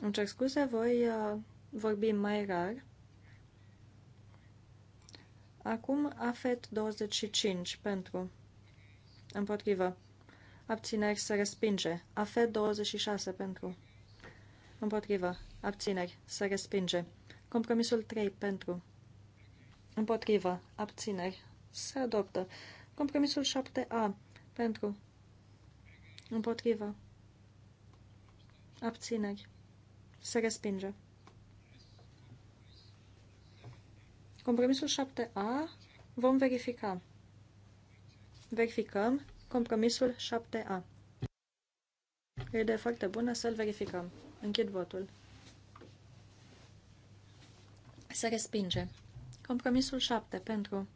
Îmi cer scuze, voi uh, vorbi mai rar. Acum AFET 25 pentru. Împotrivă. Abțineri se respinge. AFET 26 pentru. Împotrivă. Abțineri se respinge. Compromisul 3 pentru. Împotrivă. Abțineri se adoptă. Compromisul 7A pentru. Împotrivă. Abțineri se respinge. Compromisul 7A vom verifica. Verificăm compromisul 7A. E de foarte bună să-l verificăm. Închid votul. Se respinge. Compromisul 7 pentru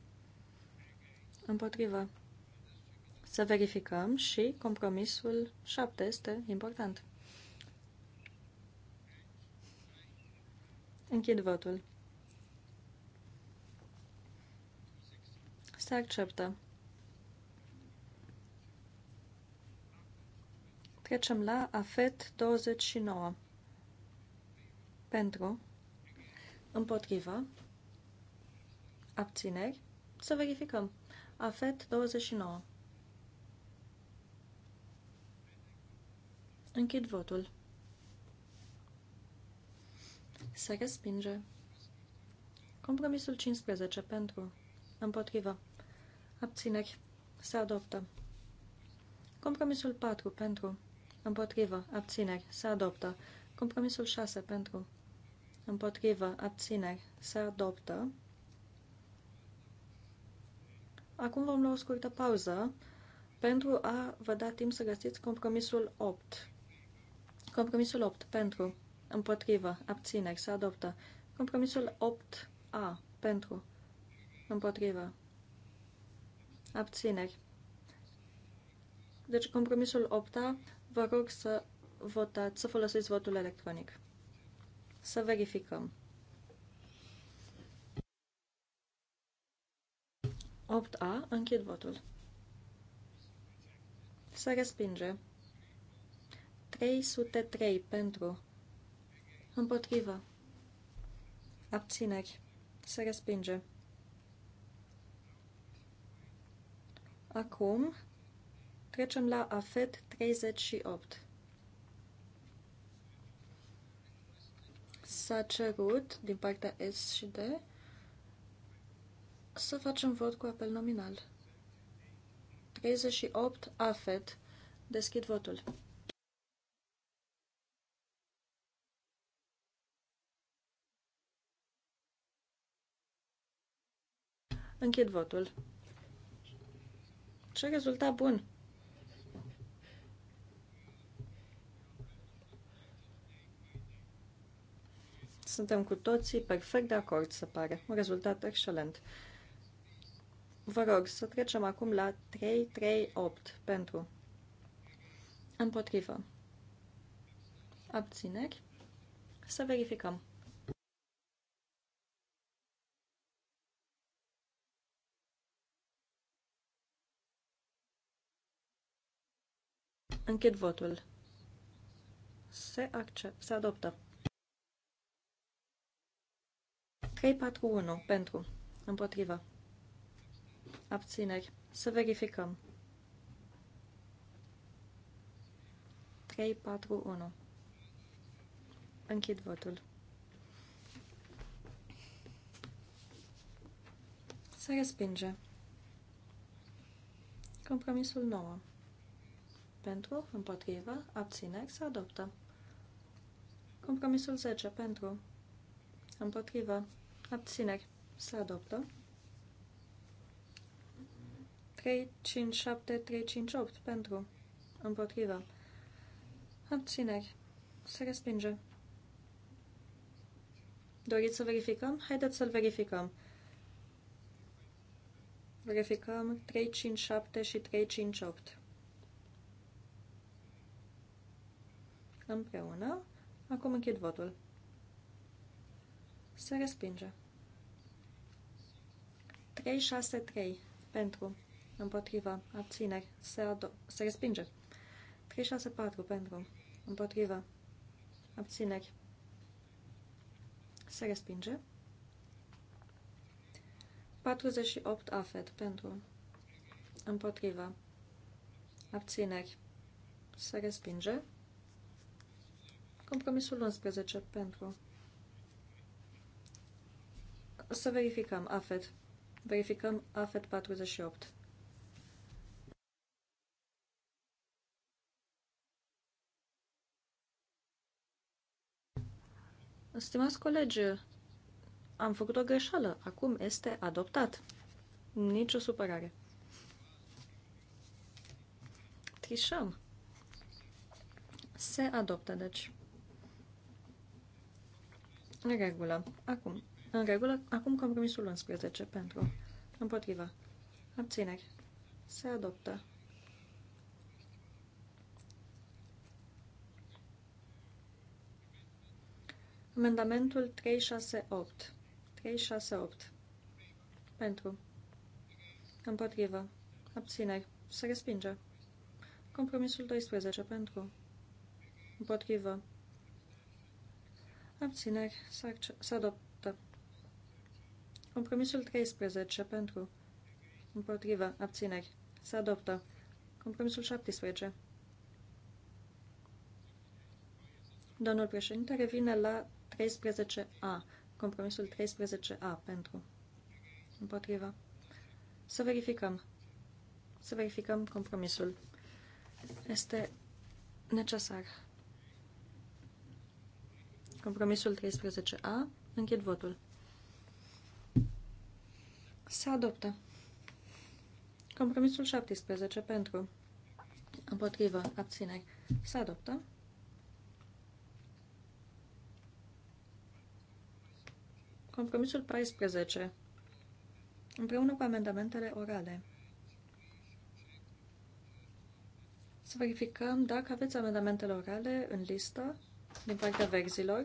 împotrivă. Să verificăm și compromisul 7 este important. Închid votul. Se acceptă. Trecem la AFET 29. Pentru, împotriva, abțineri, să verificăm. AFET 29. Închid votul. Se respinge. Compromisul 15 pentru. împotriva abțineri, se adoptă. Compromisul 4 pentru, împotrivă, abțineri, se adoptă. Compromisul 6 pentru, împotrivă, abțineri, se adoptă. Acum vom lua o scurtă pauză pentru a vă da timp să găsiți compromisul 8. Compromisul 8 pentru, împotrivă, abțineri, se adoptă. Compromisul 8A pentru, împotrivă, abțineri. Deci compromisul opta, vă rog să votați, să folosiți votul electronic. Să verificăm. 8A, închid votul. Se respinge. 303 pentru. Împotrivă. Abțineri. Se respinge. Acum trecem la AFET 38. S-a cerut din partea S și D să facem vot cu apel nominal. 38 AFET. Deschid votul. Închid votul. Ce rezultat bun! Suntem cu toții perfect de acord, se pare. Un rezultat excelent. Vă rog să trecem acum la 338 pentru împotrivă. Abțineri. Să verificăm. Închid votul. Se, accept, se adoptă. 341 pentru. Împotrivă. Abțineri. Să verificăm. 341. Închid votul. Se respinge. Compromisul 9 pentru, împotrivă, abțineri, se adoptă. Compromisul 10 pentru, împotrivă, abțineri, se adoptă. 3, 5, 7, 3, 5, 8 pentru, împotrivă, abțineri, se respinge. Doriți să verificăm? Haideți să-l verificăm. Verificăm 3, 5, 7 și 3, 5, 8. împreună. Acum închid votul. Se respinge. 363 pentru, împotriva, abțineri, se, se respinge. 364 pentru, împotriva, abțineri, se respinge. 48 afet pentru, împotriva, abțineri, se respinge. Compromisul 11 pentru. O să verificăm AFET. Verificăm AFET 48. Stimați colegi, am făcut o greșeală. Acum este adoptat. Nici o supărare. Trișăm. Se adoptă, deci. În regulă. Acum. În regulă, acum compromisul 11 pentru. Împotriva. Abțineri. Se adoptă. Amendamentul 368. 368. Pentru. Împotrivă. Abțineri. Se respinge. Compromisul 12. Pentru. Împotrivă. Abțineri. Se adoptă. Compromisul 13 pentru. Împotrivă. Abțineri. Se adoptă. Compromisul 17. Domnul președinte revine la 13A. Compromisul 13A pentru. Împotrivă. Să verificăm. Să verificăm compromisul. Este necesar. Compromisul 13A. Închid votul. Se adoptă. Compromisul 17 pentru. Împotrivă. Abțineri. Se adoptă. Compromisul 14. Împreună cu amendamentele orale. Să verificăm dacă aveți amendamentele orale în listă din partea verzilor.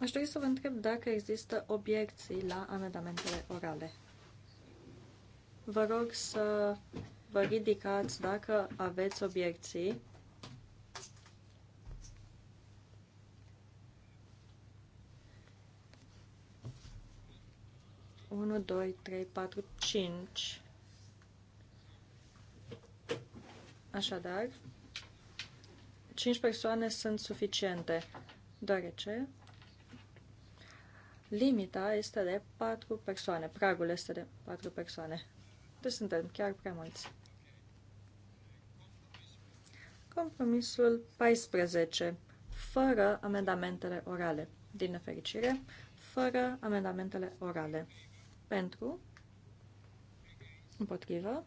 Aș dori să vă întreb dacă există obiecții la amendamentele orale. Vă rog să vă ridicați dacă aveți obiecții. Unu, doi, trei, patru, cinci. Așadar, 5 persoane sunt suficiente, deoarece limita este de 4 persoane, pragul este de 4 persoane. Deci suntem chiar prea mulți. Compromisul 14, fără amendamentele orale. Din nefericire, fără amendamentele orale. Pentru, împotrivă,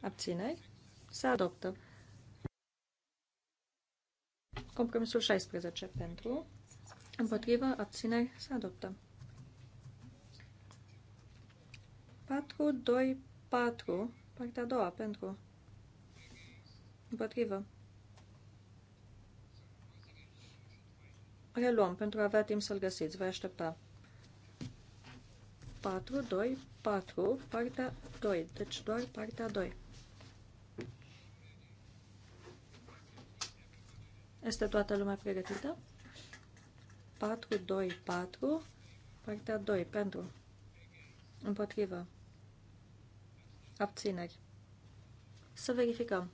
abțineri, se adoptă. Compromisul 16 pentru, împotrivă, abțineri, se adoptă. 4, 2, 4, partea a doua, pentru, împotrivă. Reluăm pentru a avea timp să-l găsiți, voi aștepta. 4, 2, 4, partea 2, deci doar partea 2. Este toată lumea pregătită? 4, 2, 4, partea 2, pentru, împotrivă, abțineri. Să verificăm.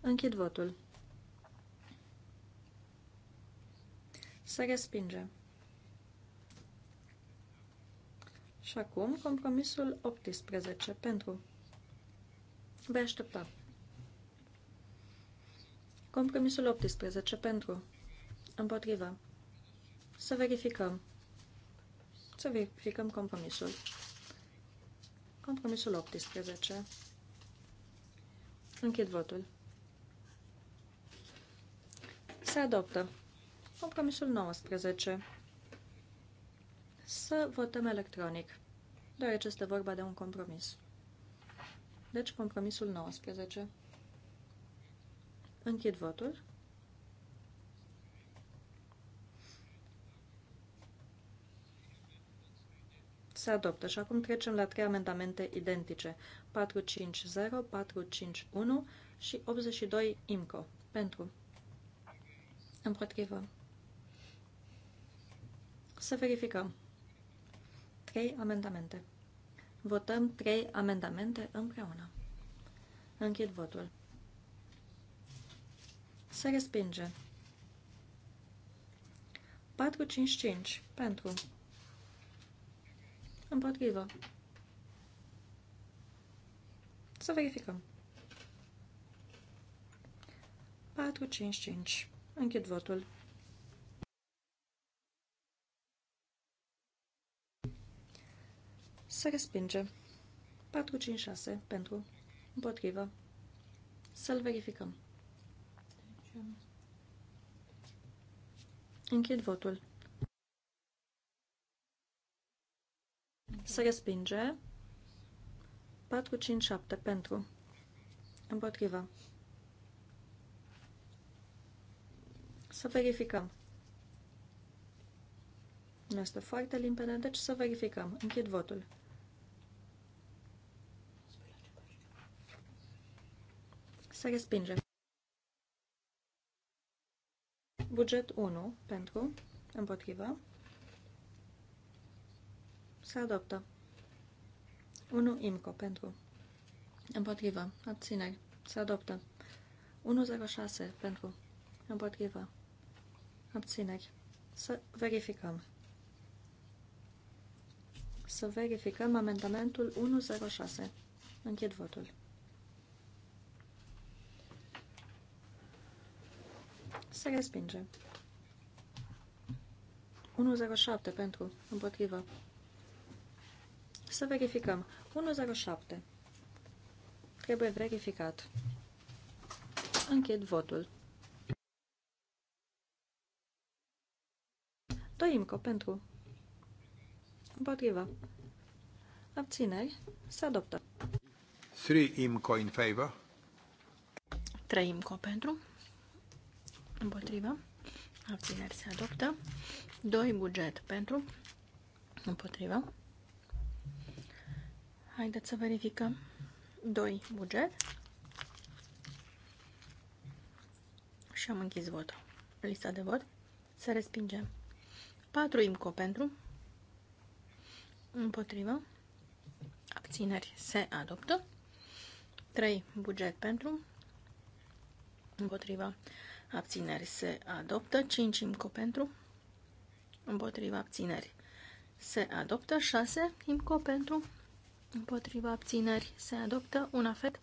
Închid votul. Se respinge. Și acum compromisul 18 pentru Vei aștepta. Compromisul 18 pentru. Împotrivă. Să verificăm. Să verificăm compromisul. Compromisul 18. Închid votul. Se adoptă. Compromisul 19. Să votăm electronic, deoarece este vorba de un compromis. Deci compromisul 19. Închid votul. Se adoptă. Și acum trecem la trei amendamente identice. 450, 451 și 82 IMCO. Pentru. Împotrivă. Să verificăm. Trei amendamente. Votăm trei amendamente împreună. Închid votul. Se respinge. 455 pentru. Împotrivă. Să verificăm. 455. Închid votul. Se respinge. 4-5-6 pentru. Împotrivă. Să-l verificăm. Închid votul. Se respinge. 4-5-7 pentru. Împotrivă. Să verificăm. Nu este foarte limpede, deci să verificăm. Închid votul. Se respinge. Buget 1 pentru, împotrivă, se adoptă. 1 IMCO pentru, împotrivă, abțineri, se adoptă. 106 pentru, împotrivă, abțineri. Să verificăm. Să verificăm amendamentul 106. Închid votul. Se respinge. 107 pentru, împotrivă. Să verificăm. 107. Trebuie verificat. Închid votul. Toimco pentru. Împotrivă. Abțineri. Se adoptă. 3 imco in favor. 3 imco pentru. Împotrivă. Abțineri se adoptă. 2. Buget pentru. Împotrivă. Haideți să verificăm. 2. Buget. Și am închis votul. Lista de vot. Să respingem. 4. IMCO pentru. Împotrivă. Abțineri se adoptă. 3. Buget pentru. Împotrivă abțineri se adoptă, 5 IMCO pentru, împotriva abțineri se adoptă, 6 IMCO pentru, împotriva abțineri se adoptă, un afet,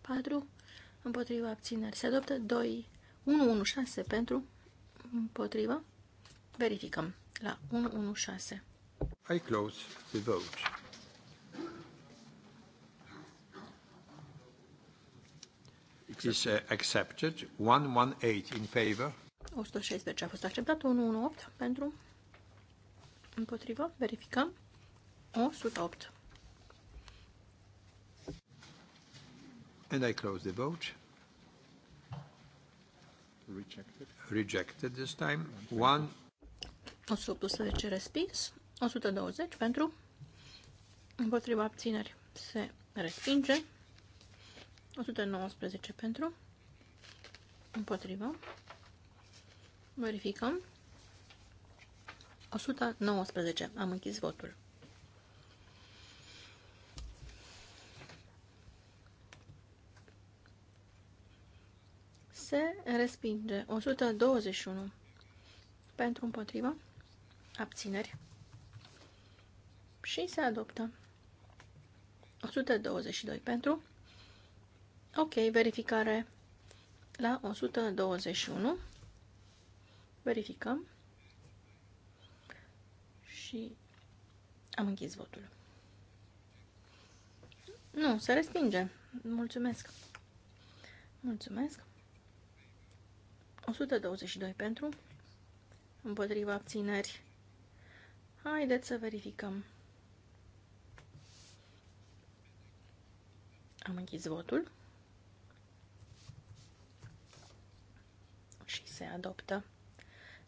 4 împotriva abțineri se adoptă, 2, 1, 1, 6 pentru, împotriva, verificăm la 1, 1, 6. I close the vote. is uh, accepted. 118 in favor. 116 a fost acceptat. 118 pentru. Împotrivă. Verificăm. 108. And I close the vote. Rejected. Rejected this time. 1 118 respins. 120 pentru. Împotriva abțineri se respinge. 119 pentru. Împotrivă. Verificăm. 119. Am închis votul. Se respinge. 121. Pentru împotrivă. Abțineri. Și se adoptă. 122 pentru Ok, verificare la 121. Verificăm. Și am închis votul. Nu, se respinge. Mulțumesc. Mulțumesc. 122 pentru. Împotriva abțineri. Haideți să verificăm. Am închis votul. se adoptă.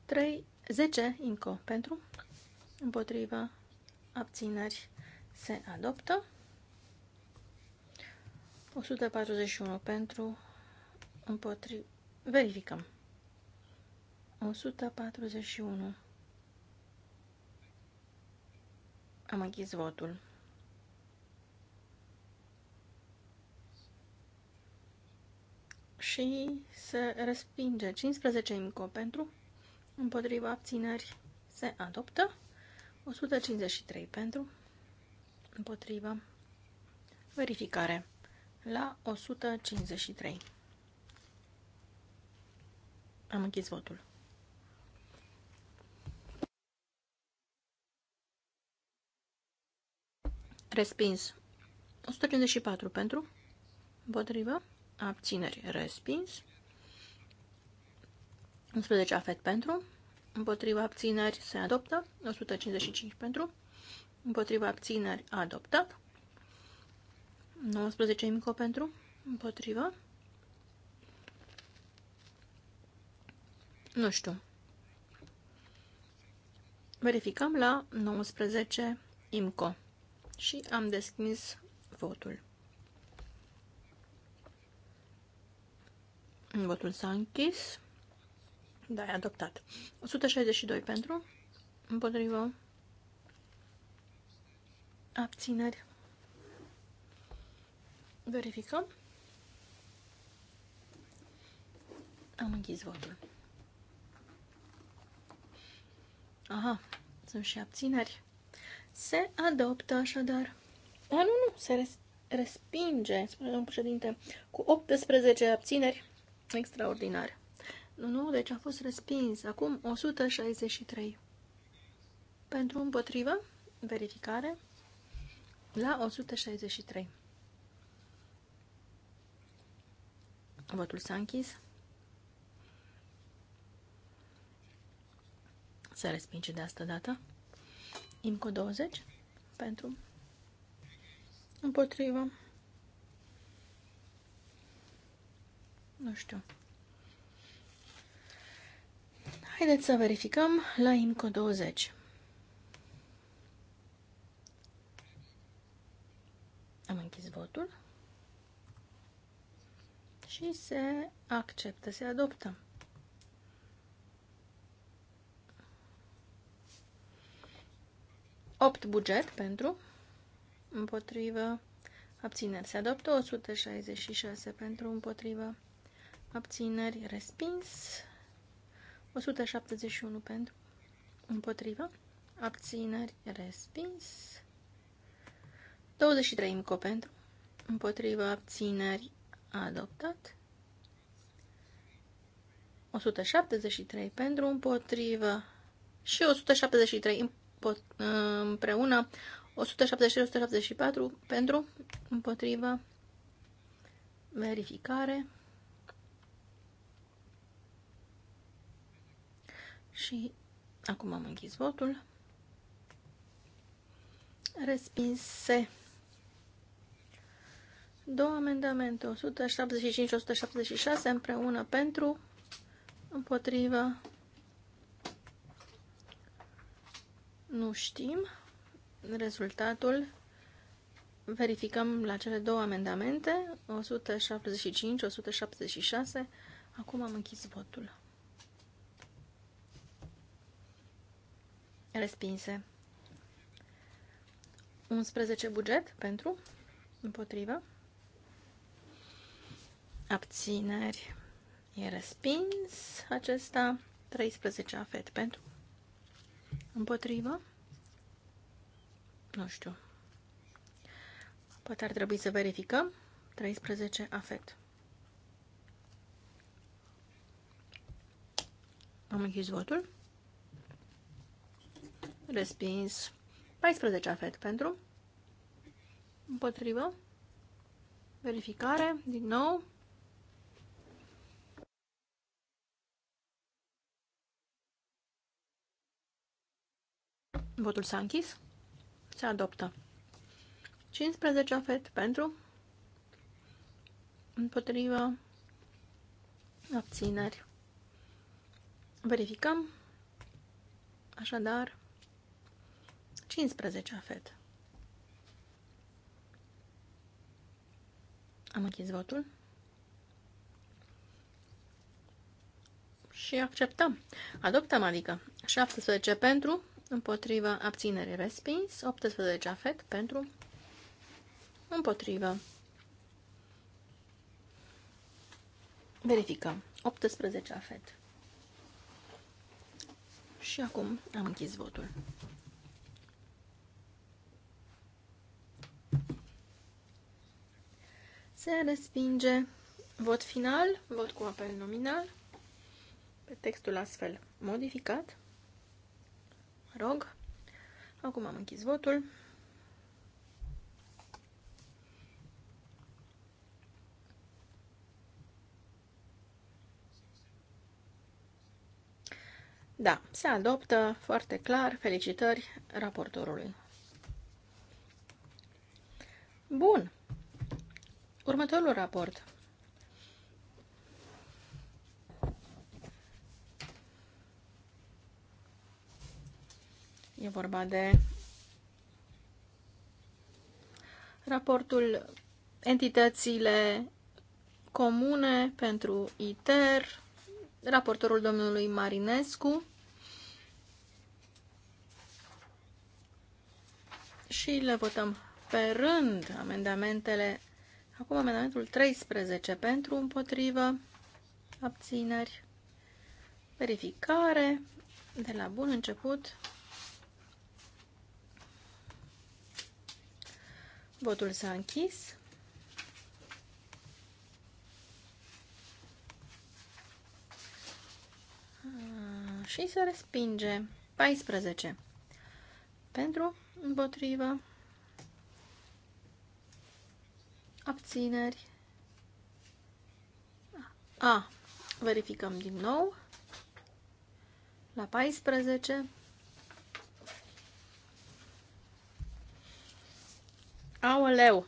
3, 10 INCO pentru, împotriva, abțineri se adoptă. 141 pentru, împotriva, verificăm. 141. Am închis votul. și se respinge 15 imco pentru, împotriva abțineri se adoptă, 153 pentru, împotriva, verificare la 153. Am închis votul. Respins. 154 pentru, împotriva, abțineri, respins. 11 afet pentru, împotriva abțineri se adoptă, 155 pentru, împotriva abțineri adoptat, 19 mico pentru, împotriva, nu știu. Verificăm la 19 IMCO și am deschis votul. Votul s-a închis. Da, e adoptat. 162 pentru. Împotrivă. Abțineri. Verificăm. Am închis votul. Aha, sunt și abțineri. Se adoptă așadar. A, nu, nu, se respinge, spune domnul președinte, cu 18 abțineri. Extraordinar. Nu, nu, deci a fost respins. Acum 163. Pentru împotrivă, verificare la 163. Votul s-a închis. Se respinge de asta dată. IMCO 20 pentru împotrivă. Nu știu. Haideți să verificăm la IMCO 20. Am închis votul și se acceptă, se adoptă. Opt buget pentru, împotrivă, abțineri se adoptă, 166 pentru, împotrivă, abțineri, respins. 171 pentru, împotrivă, abțineri, respins. 23 încă pentru, împotrivă, abțineri, adoptat. 173 pentru, împotrivă și 173 uh, împreună, 173-174 pentru, împotrivă, verificare. Și acum am închis votul. Respinse două amendamente, 175-176 împreună pentru, împotrivă, nu știm rezultatul. Verificăm la cele două amendamente, 175-176. Acum am închis votul. Respinse. 11 buget pentru, împotrivă. Abțineri. E respins acesta. 13 afet pentru, împotrivă. Nu știu. Poate ar trebui să verificăm. 13 afet. Am închis votul. Respins. 14 afet pentru. Împotrivă. Verificare. Din nou. Votul s-a închis. Se adoptă. 15 afet pentru. Împotrivă. Abțineri. Verificăm. Așadar, 15 fet. Am închis votul. Și acceptăm. Adoptăm, adică 17 pentru, împotriva abținere respins, 18 afet pentru, împotriva. Verificăm. 18 afet. Și acum am închis votul. Se respinge vot final, vot cu apel nominal, pe textul astfel modificat. Mă rog. Acum am închis votul. Da, se adoptă foarte clar. Felicitări raportorului. Bun. Următorul raport. E vorba de raportul entitățile comune pentru ITER, raportorul domnului Marinescu și le votăm pe rând amendamentele Acum amendamentul 13 pentru, împotrivă, abțineri, verificare, de la bun început. Votul s-a închis. Și se respinge. 14. Pentru, împotrivă, abțineri. A, verificăm din nou. La 14. Aoleu!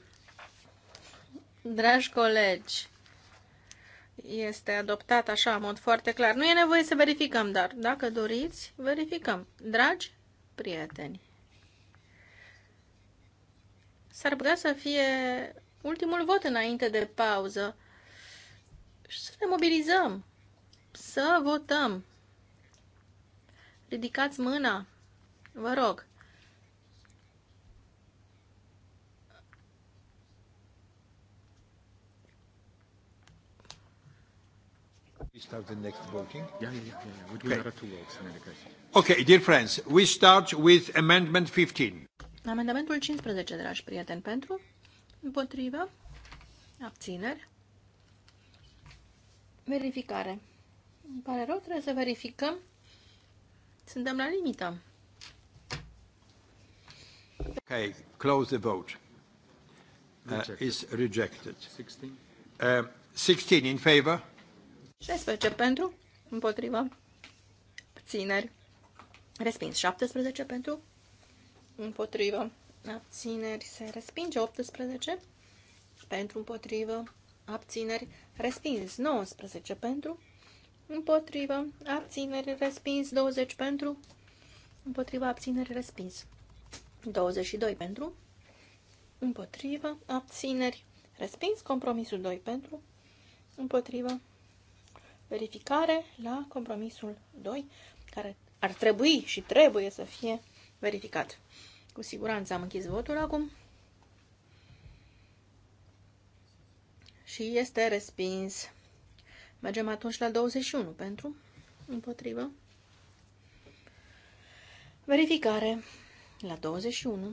Dragi colegi, este adoptat așa, în mod foarte clar. Nu e nevoie să verificăm, dar dacă doriți, verificăm. Dragi prieteni, s-ar putea să fie ultimul vot înainte de pauză și să ne mobilizăm, să votăm. Ridicați mâna, vă rog. start the next voting. Yeah, yeah, yeah. yeah. okay. another two votes Okay, dear friends, we start with amendment 15. Amendamentul 15, dragi prieteni, pentru Împotrivă. Abțineri. Verificare. Îmi pare rău, trebuie să verificăm. Suntem la limită. Okay, close the vote. Uh, is rejected. 16. Uh, 16 in favor. 16 pentru, împotrivă, abțineri. Respins 17 pentru, împotrivă abțineri, se respinge. 18 pentru, împotrivă, abțineri, respins. 19 pentru, împotrivă, abțineri, respins. 20 pentru, împotrivă, abțineri, respins. 22 pentru, împotrivă, abțineri, respins. Compromisul 2 pentru, împotrivă, verificare la compromisul 2, care ar trebui și trebuie să fie verificat. Cu siguranță am închis votul acum. Și este respins. Mergem atunci la 21 pentru împotrivă. Verificare la 21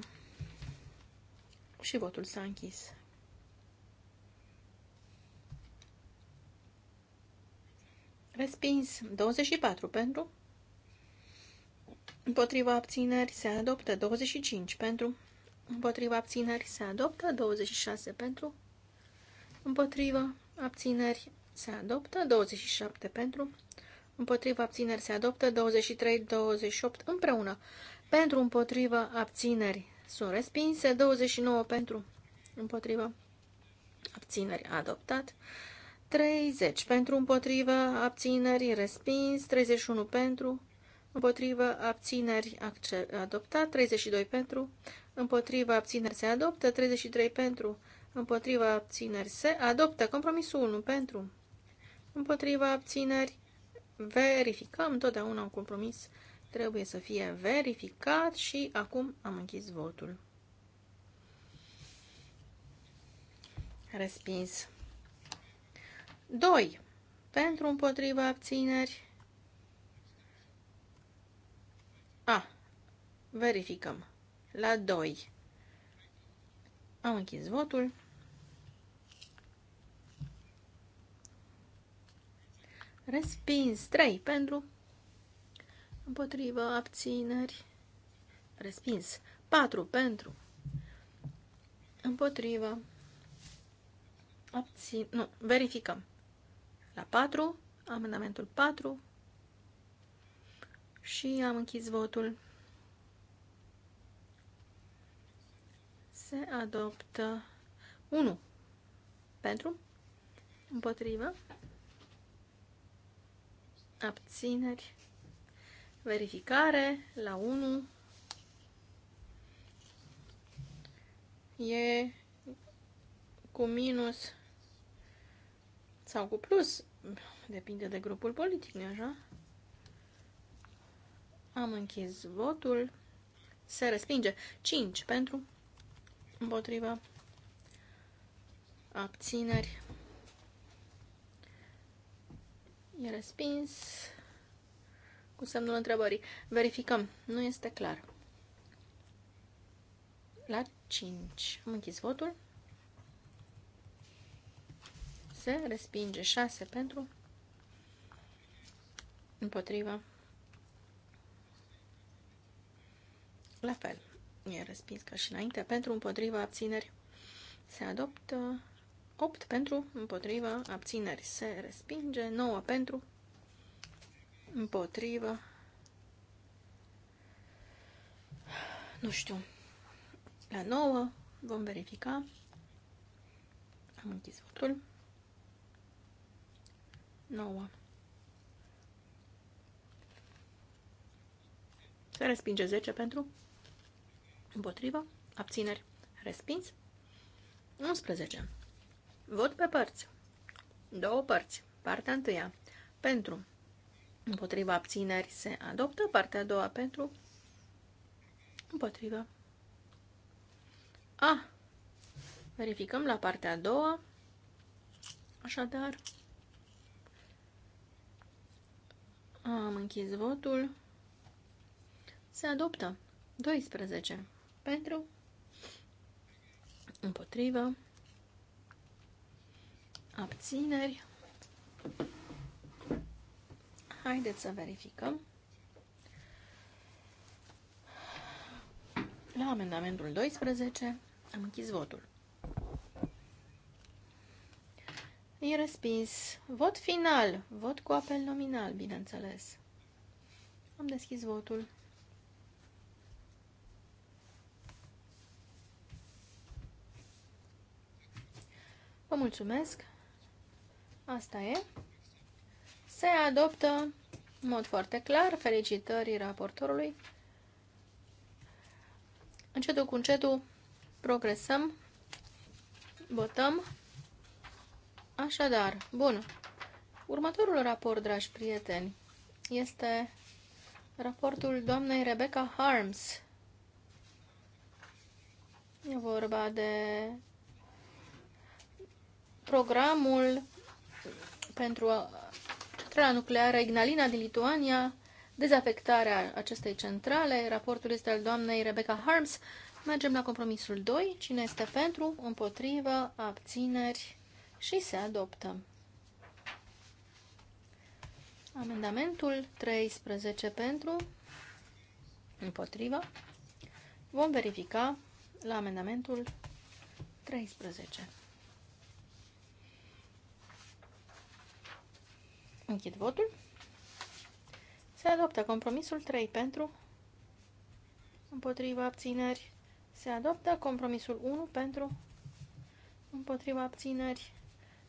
și votul s-a închis. Respins 24 pentru împotriva abțineri se adoptă 25 pentru, împotriva abțineri se adoptă 26 pentru, împotriva abțineri se adoptă 27 pentru, împotriva abțineri se adoptă 23-28 împreună, pentru împotriva abțineri sunt respinse 29 pentru, împotriva abțineri adoptat, 30 pentru împotriva abțineri respins, 31 pentru, împotrivă, abțineri, adoptat, 32 pentru, împotrivă, abțineri, se adoptă, 33 pentru, împotrivă, abțineri, se adoptă, compromisul 1 pentru, împotrivă, abțineri, verificăm, totdeauna un compromis trebuie să fie verificat și acum am închis votul. Respins. 2. Pentru împotriva abțineri A, ah, verificăm. La 2. Am închis votul. Respins 3 pentru împotrivă abțineri. Respins 4 pentru împotrivă abțin... Nu, verificăm. La 4, amendamentul 4, și am închis votul. Se adoptă 1 pentru, împotrivă, abțineri, verificare la 1. E cu minus sau cu plus, depinde de grupul politic, nu așa? Am închis votul. Se respinge. 5 pentru. Împotriva. Abțineri. E respins. Cu semnul întrebării. Verificăm. Nu este clar. La 5. Am închis votul. Se respinge 6 pentru. Împotriva. La fel, e respins ca și înainte. Pentru, împotriva, abțineri se adoptă. 8 pentru, împotriva, abțineri se respinge. 9 pentru, împotriva. Nu știu. La 9 vom verifica. Am închis votul. 9. Se respinge 10 pentru Împotrivă. Abțineri. Respins. 11. Vot pe părți. Două părți. Partea întâia. Pentru. Împotriva abțineri se adoptă. Partea a doua pentru. Împotrivă. A. Verificăm la partea a doua. Așadar. Am închis votul. Se adoptă. 12 pentru, împotrivă, abțineri. Haideți să verificăm. La amendamentul 12 am închis votul. E respins. Vot final. Vot cu apel nominal, bineînțeles. Am deschis votul. Vă mulțumesc. Asta e. Se adoptă în mod foarte clar. Felicitări raportorului. Încetul cu încetul progresăm. Votăm. Așadar, bun. Următorul raport, dragi prieteni, este raportul doamnei Rebecca Harms. E vorba de programul pentru centrala nucleară Ignalina din Lituania, dezafectarea acestei centrale. Raportul este al doamnei Rebecca Harms. Mergem la compromisul 2. Cine este pentru, împotrivă, abțineri și se adoptă. Amendamentul 13 pentru, împotrivă. Vom verifica la amendamentul 13. Închid votul. Se adoptă compromisul 3 pentru, împotriva abțineri. Se adoptă compromisul 1 pentru, împotriva abțineri.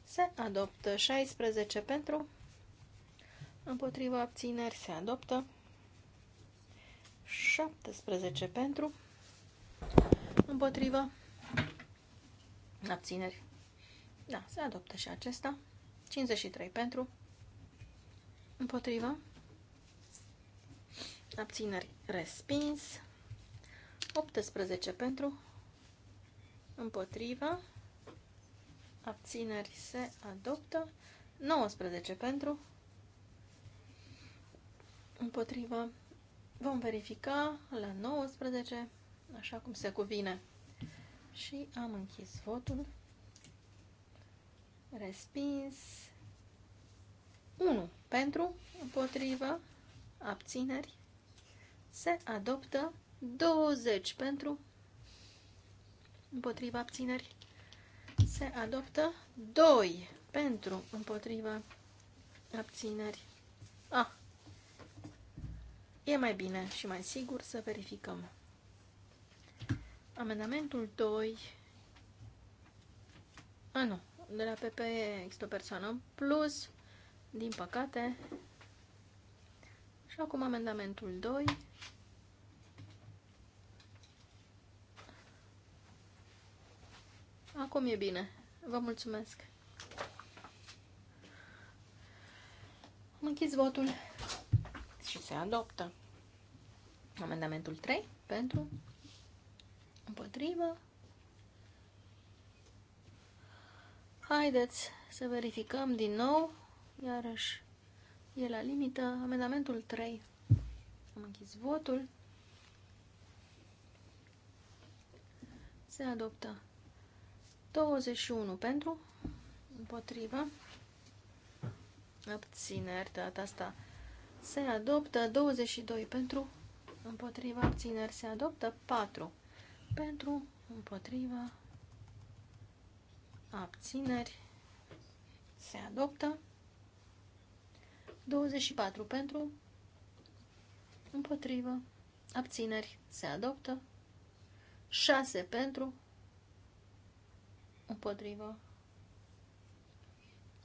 Se adoptă 16 pentru, împotriva abțineri. Se adoptă 17 pentru, împotriva abțineri. Da, se adoptă și acesta. 53 pentru, împotriva. Abțineri respins. 18 pentru. împotriva. Abțineri se adoptă. 19 pentru. împotriva. Vom verifica la 19, așa cum se cuvine. Și am închis votul. Respins. 1 pentru, împotrivă, abțineri, se adoptă 20 pentru, împotriva abțineri, se adoptă 2 pentru, împotriva abțineri. A, ah. e mai bine și mai sigur să verificăm. Amendamentul 2, a ah, nu, de la PPE există o persoană plus, din păcate. Și acum amendamentul 2. Acum e bine. Vă mulțumesc. Am închis votul și se adoptă. Amendamentul 3 pentru împotrivă. Haideți să verificăm din nou. Iarăși, e la limită. Amendamentul 3. Am închis votul. Se adoptă 21 pentru, împotrivă, abțineri, data asta se adoptă 22 pentru, împotrivă, abțineri, se adoptă 4 pentru, împotrivă, abțineri, se adoptă 24 pentru, împotrivă, abțineri, se adoptă. 6 pentru, împotrivă,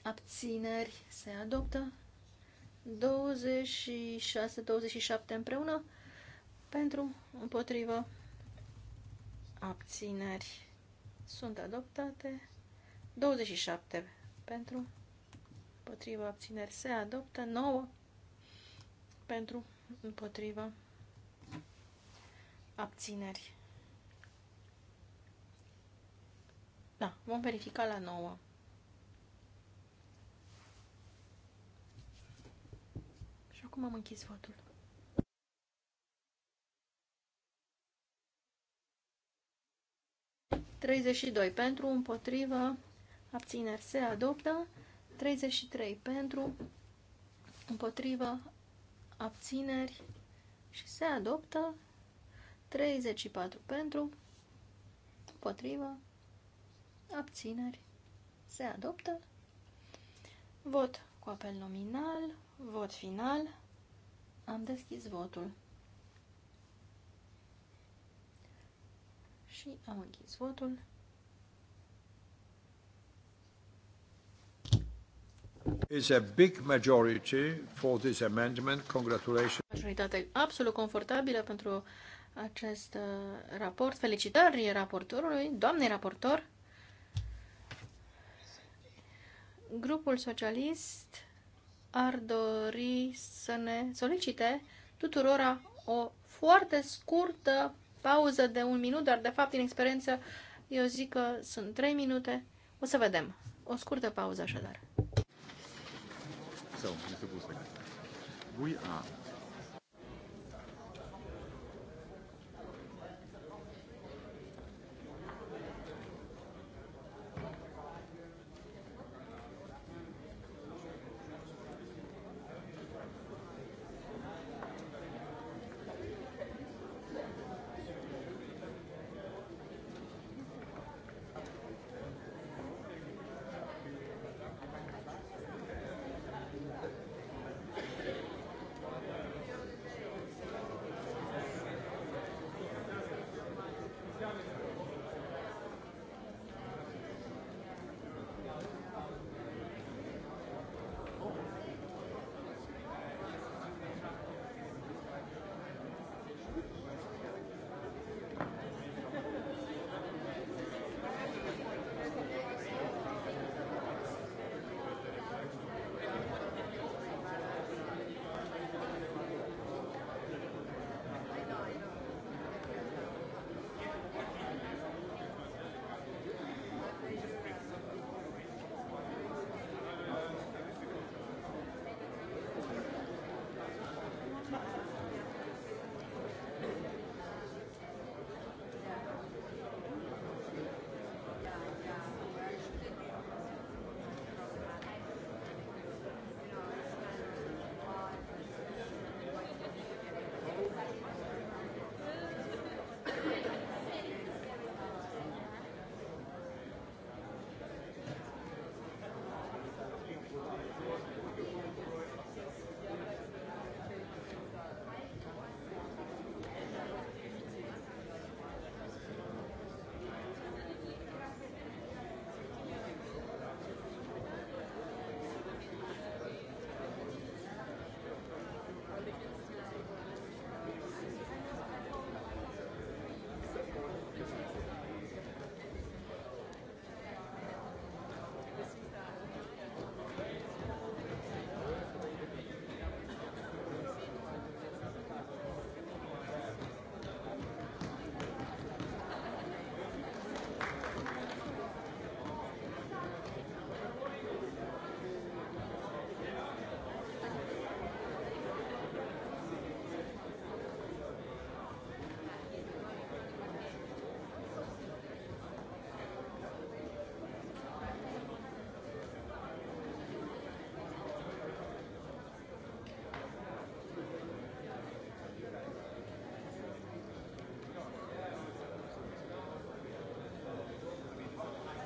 abțineri, se adoptă. 26-27 împreună, pentru, împotrivă, abțineri, sunt adoptate. 27 pentru, împotriva abțineri se adoptă, 9 pentru împotriva abțineri. Da, vom verifica la 9. Și acum am închis votul. Treizeci și doi pentru, împotriva, abțineri se adoptă. 33 pentru, împotrivă, abțineri și se adoptă 34 pentru, împotrivă, abțineri, se adoptă, vot cu apel nominal, vot final, am deschis votul și am închis votul. Is a big majority for this amendment. Congratulations. Majoritate absolut confortabilă pentru acest uh, raport. Felicitări raportorului, doamnei raportor. Grupul socialist ar dori să ne solicite tuturora o foarte scurtă pauză de un minut, dar de fapt din experiență eu zic că sunt trei minute. O să vedem. O scurtă pauză așadar. Mr. Busek. We are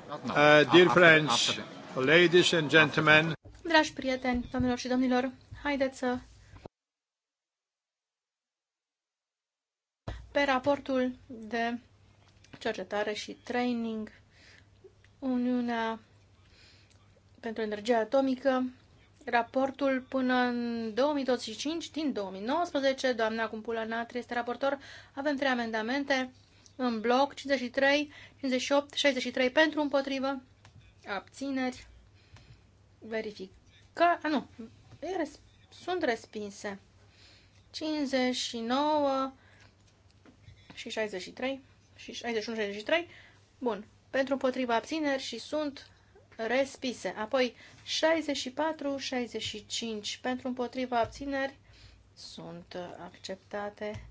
Uh, dear friends, ladies and gentlemen. Dragi prieteni, domnilor și domnilor, haideți să... Pe raportul de cercetare și training, Uniunea pentru energia atomică, raportul până în 2025 din 2019. Doamna Cumpula Natri este raportor. Avem trei amendamente în bloc 53, 58, 63 pentru, împotrivă, abțineri, verific. Că, a, nu, res, sunt respinse. 59 și 63 și 61, 63. Bun, pentru împotrivă abțineri și sunt respise. Apoi 64, 65 pentru împotrivă abțineri sunt acceptate.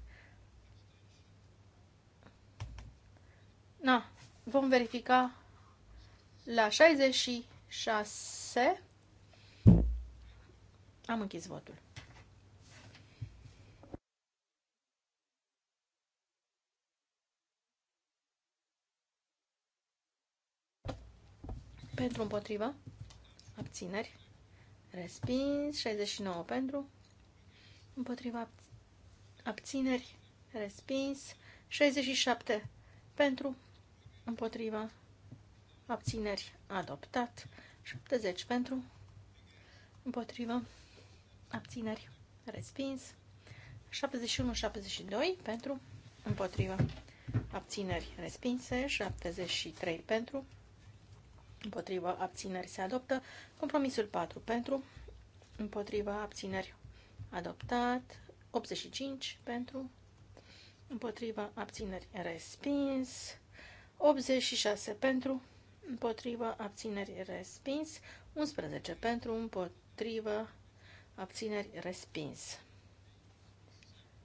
Na, vom verifica la 66. Am închis votul. Pentru împotrivă, abțineri, respins, 69 pentru, împotriva abțineri, respins, 67 pentru, împotriva, abțineri, adoptat, 70 pentru, împotriva, abțineri, respins, 71-72 pentru, împotriva, abțineri, respinse, 73 pentru, împotriva, abțineri, se adoptă, compromisul 4 pentru, împotriva, abțineri, adoptat, 85 pentru, împotriva, abțineri, respins, 86 pentru, împotrivă, abțineri, respins. 11 pentru, împotrivă, abțineri, respins.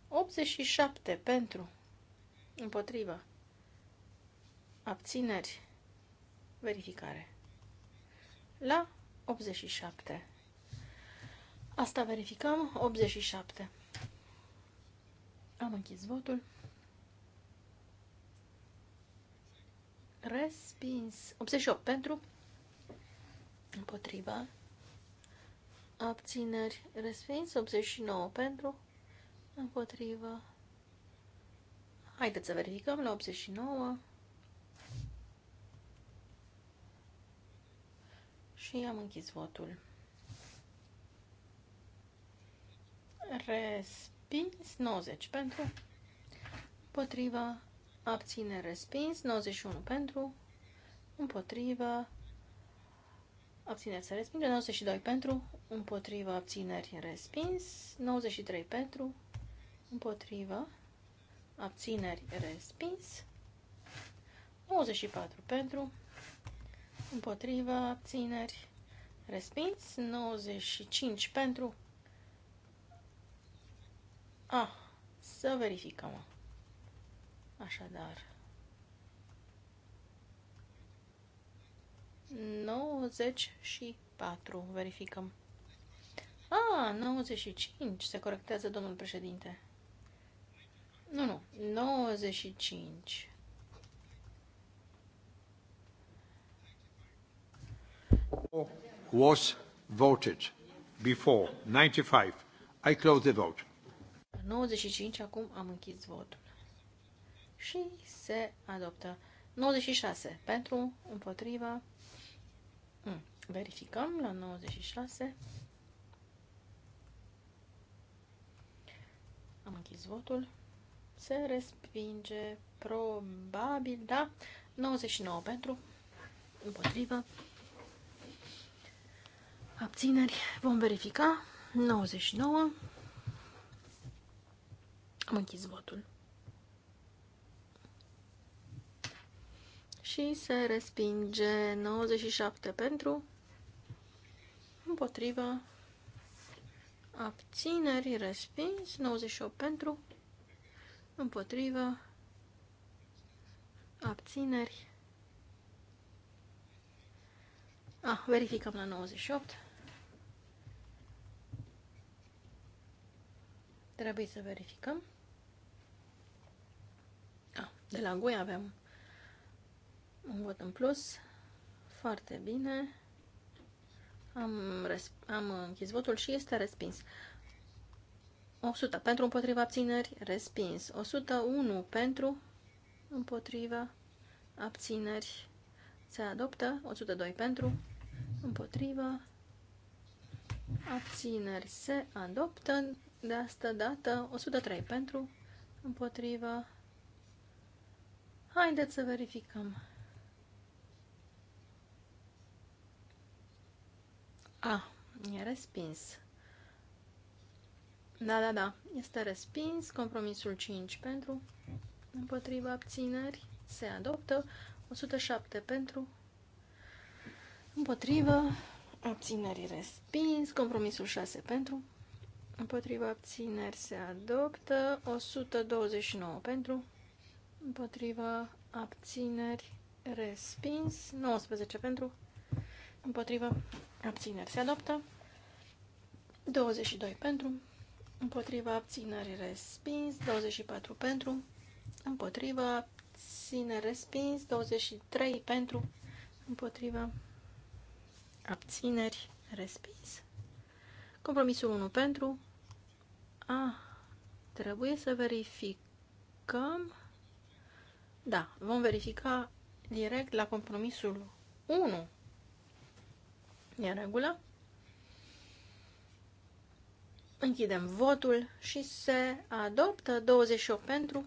87 pentru, împotrivă, abțineri, verificare. La 87. Asta verificăm, 87. Am închis votul. Respins. 88 pentru. Împotriva. Abțineri. Respins. 89 pentru. Împotriva. Haideți să verificăm la 89. Și am închis votul. Respins. 90 pentru. Împotriva abține respins, 91 pentru, împotrivă, abțineri se respinge, 92 pentru, împotrivă, abțineri respins, 93 pentru, împotrivă, abțineri respins, 94 pentru, împotrivă, abțineri respins, 95 pentru, a, ah, să verificăm. Așadar, 94. Verificăm. A, 95. Se corectează domnul președinte. Nu, nu. 95. Was voted before 95. I close the vote. 95. Acum am închis votul și se adoptă. 96 pentru, împotriva. Mm, verificăm la 96. Am închis votul. Se respinge probabil, da, 99 pentru, împotrivă, abțineri, vom verifica, 99, am închis votul. și se respinge 97 pentru, împotrivă, abțineri, respins, 98 pentru, împotrivă, abțineri. Ah, verificăm la 98. Trebuie să verificăm. Ah, de la GUI avem un vot în plus. Foarte bine. Am, am închis votul și este respins. 100 pentru împotriva abțineri, respins. 101 pentru împotriva abțineri, se adoptă. 102 pentru împotriva abțineri, se adoptă. De asta dată 103 pentru împotriva. Haideți să verificăm. A, ah, e respins. Da, da, da. Este respins. Compromisul 5 pentru. Împotriva abțineri. Se adoptă. 107 pentru. Împotrivă. Abținerii respins. Compromisul 6 pentru. Împotriva abțineri se adoptă. 129 pentru. Împotriva abțineri respins. 19 pentru. Împotriva abțineri se adoptă, 22 pentru, împotriva abțineri respins, 24 pentru, împotriva abțineri respins, 23 pentru, împotriva abțineri respins. Compromisul 1 pentru, a, Ah, trebuie să verificăm, da, vom verifica direct la compromisul 1 E în regulă? Închidem votul și se adoptă 28 pentru,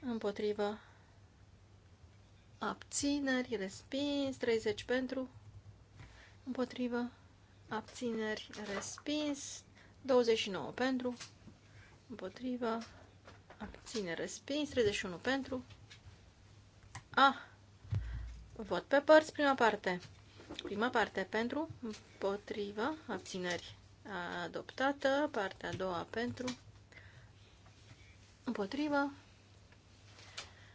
împotrivă, abțineri, respins, 30 pentru, împotrivă, abțineri, respins, 29 pentru, împotrivă, abțineri, respins, 31 pentru, a, ah, vot pe părți, prima parte, Prima parte pentru, împotriva, abțineri adoptată. Partea a doua pentru, împotriva,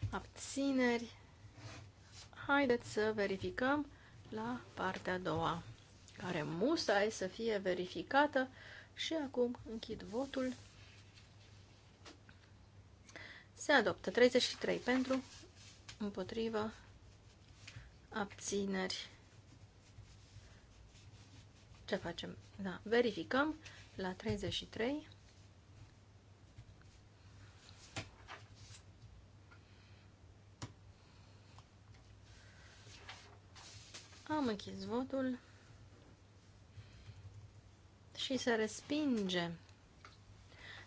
abțineri. Haideți să verificăm la partea a doua, care e să fie verificată. Și acum închid votul. Se adoptă 33 pentru, împotriva, abțineri. Ce facem? Da, verificăm la 33. Am închis votul și se respinge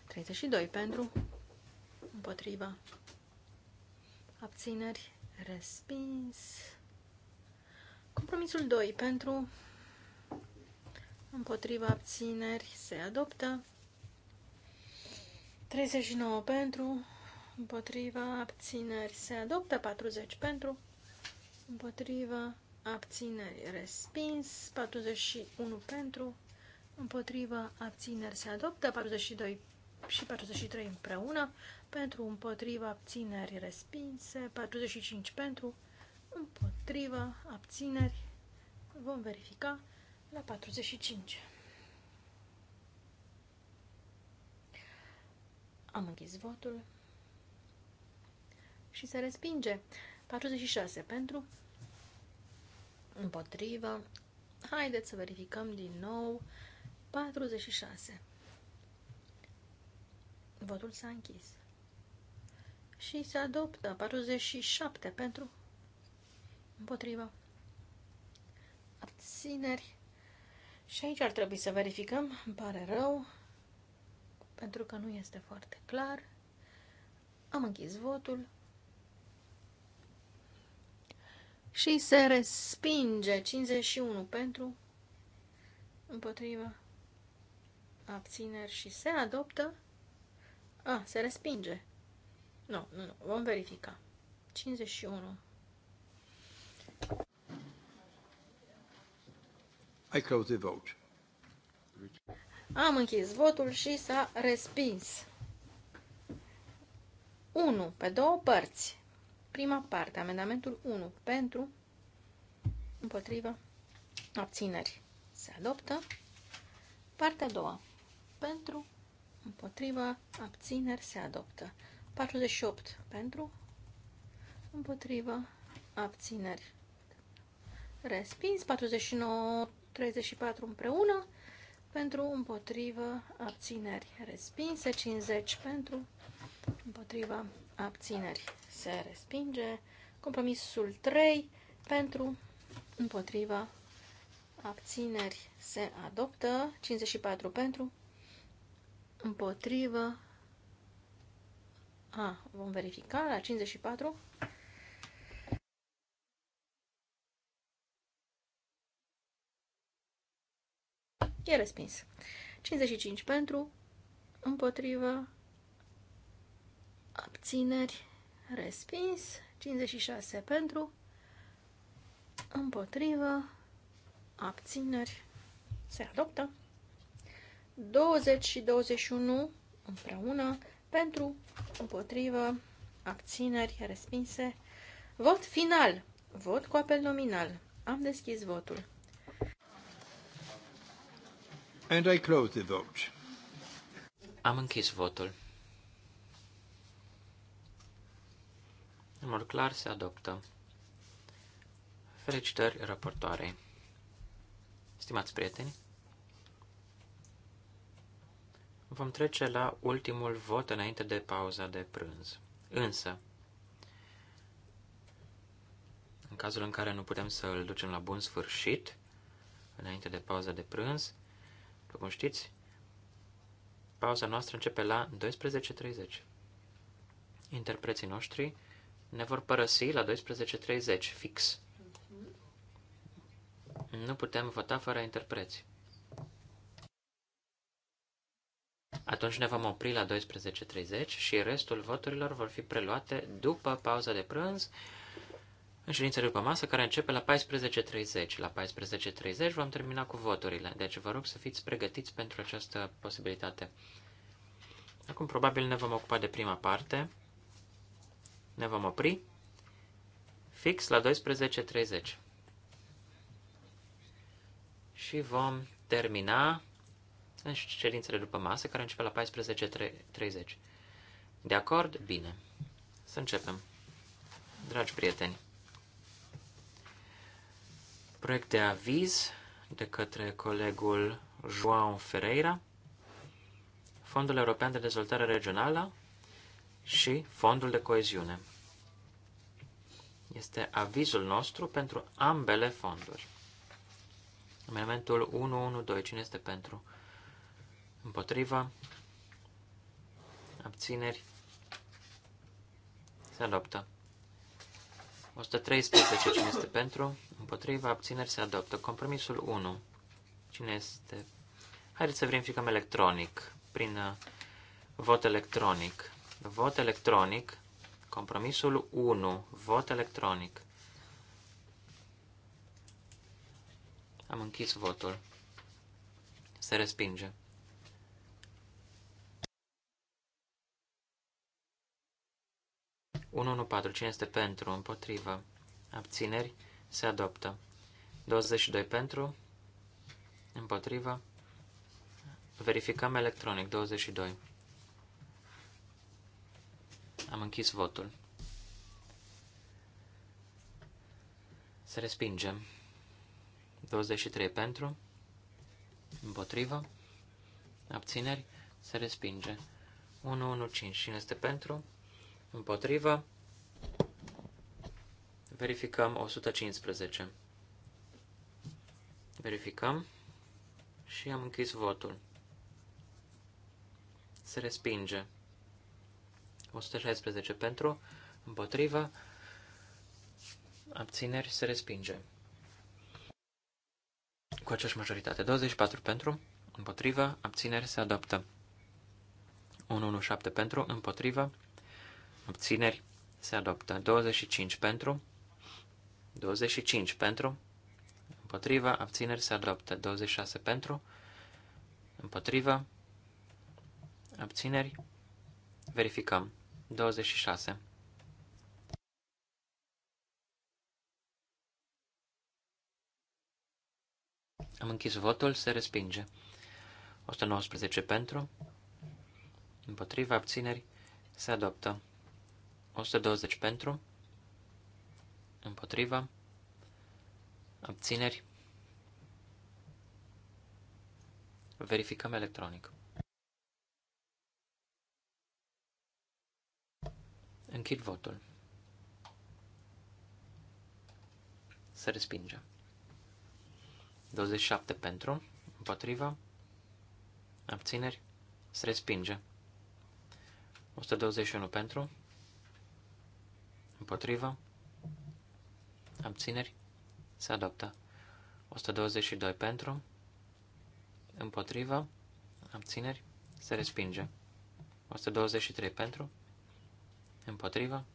32 pentru împotriva abțineri respins compromisul 2 pentru împotriva abțineri se adoptă. 39 pentru, împotriva abțineri se adoptă, 40 pentru, împotriva abțineri respins, 41 pentru, împotriva abțineri se adoptă, 42 și 43 împreună, pentru împotriva abțineri respinse, 45 pentru, împotriva abțineri, vom verifica, la 45. Am închis votul și se respinge. 46 pentru, împotrivă. Haideți să verificăm din nou. 46. Votul s-a închis. Și se adoptă 47 pentru, împotrivă. Abțineri. Și aici ar trebui să verificăm, îmi pare rău, pentru că nu este foarte clar. Am închis votul. Și se respinge 51 pentru, împotriva, abțineri și se adoptă. A, se respinge. Nu, nu, nu, vom verifica. 51. I close the vote. Am închis votul și s-a respins. 1 pe două părți. Prima parte, amendamentul 1 pentru, împotriva abțineri. Se adoptă. Partea a doua, pentru, împotriva abțineri, se adoptă. 48 pentru, împotriva abțineri. Respins. 49 34 împreună, pentru împotrivă abțineri respinse, 50 pentru împotriva abțineri se respinge, compromisul 3 pentru împotriva abțineri se adoptă, 54 pentru împotrivă a, vom verifica la 54 E respins. 55 pentru, împotrivă, abțineri, respins. 56 pentru, împotrivă, abțineri, se adoptă. 20 și 21 împreună, pentru, împotrivă, abțineri, respinse. Vot final. Vot cu apel nominal. Am deschis votul. And I close the vote. Am închis votul. În mod clar se adoptă. Felicitări raportoarei. Stimați prieteni, vom trece la ultimul vot înainte de pauza de prânz. Însă, în cazul în care nu putem să îl ducem la bun sfârșit, înainte de pauza de prânz, după cum știți, pauza noastră începe la 12.30. Interpreții noștri ne vor părăsi la 12.30, fix. Nu putem vota fără interpreți. Atunci ne vom opri la 12.30 și restul voturilor vor fi preluate după pauza de prânz, în ședința după masă, care începe la 14.30. La 14.30 vom termina cu voturile, deci vă rog să fiți pregătiți pentru această posibilitate. Acum probabil ne vom ocupa de prima parte. Ne vom opri fix la 12.30. Și vom termina în ședințele după masă, care începe la 14.30. De acord? Bine. Să începem. Dragi prieteni! proiect de aviz de către colegul João Ferreira, Fondul European de Dezvoltare Regională și Fondul de Coeziune. Este avizul nostru pentru ambele fonduri. Amendamentul 112, cine este pentru? Împotriva? Abțineri? Se adoptă. 113. Cine este pentru? Împotriva abțineri se adoptă. Compromisul 1. Cine este? Haideți să verificăm electronic, prin uh, vot electronic. Vot electronic. Compromisul 1. Vot electronic. Am închis votul. Se respinge. 114. Cine este pentru? Împotrivă. Abțineri. Se adoptă. 22 pentru. Împotrivă. Verificăm electronic. 22. Am închis votul. Să respingem. 23 pentru. Împotrivă. Abțineri. Se respinge. 115. Cine este pentru? împotrivă, verificăm 115. Verificăm și am închis votul. Se respinge. 116 pentru, împotrivă, abțineri, se respinge. Cu aceeași majoritate, 24 pentru, împotrivă, abțineri, se adoptă. 117 pentru, împotrivă, Abțineri. Se adoptă. 25 pentru. 25 pentru. Împotriva. Abțineri. Se adoptă. 26 pentru. Împotriva. Abțineri. Verificăm. 26. Am închis votul, se respinge. 119 pentru, împotriva abțineri, se adoptă. 120 pentru, împotriva, abțineri, verificăm electronic. Închid votul. Se respinge. 27 pentru, împotriva, abțineri, se respinge. 121 pentru, Împotrivă. Abțineri. Se adoptă. 122 pentru. Împotrivă. Abțineri. Se respinge. 123 pentru. Împotrivă.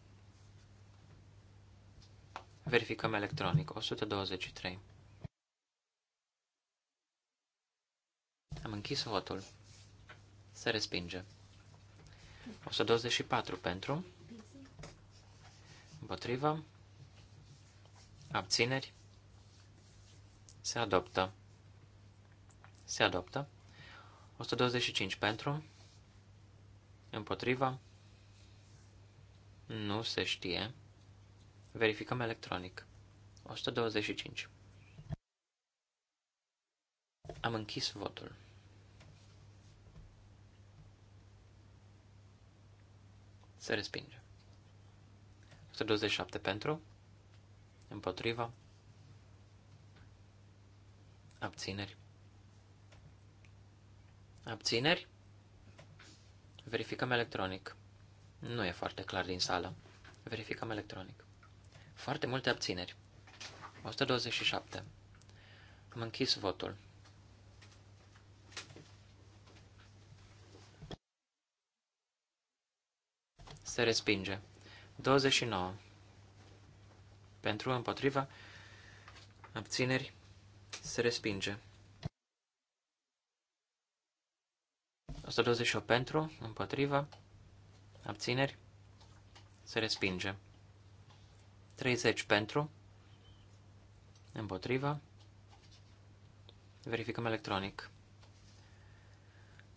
Verificăm electronic. 123. Am închis votul. Se respinge. 124 pentru. Împotrivă. Abțineri. Se adoptă. Se adoptă. 125 pentru. Împotrivă. Nu se știe. Verificăm electronic. 125. Am închis votul. Se respinge. 127 pentru, împotriva, abțineri. Abțineri? Verificăm electronic. Nu e foarte clar din sală. Verificăm electronic. Foarte multe abțineri. 127. Am închis votul. Se respinge. 29. Pentru, împotriva, abțineri, se respinge. 128 pentru, împotriva, abțineri, se respinge. 30 pentru, împotriva, verificăm electronic.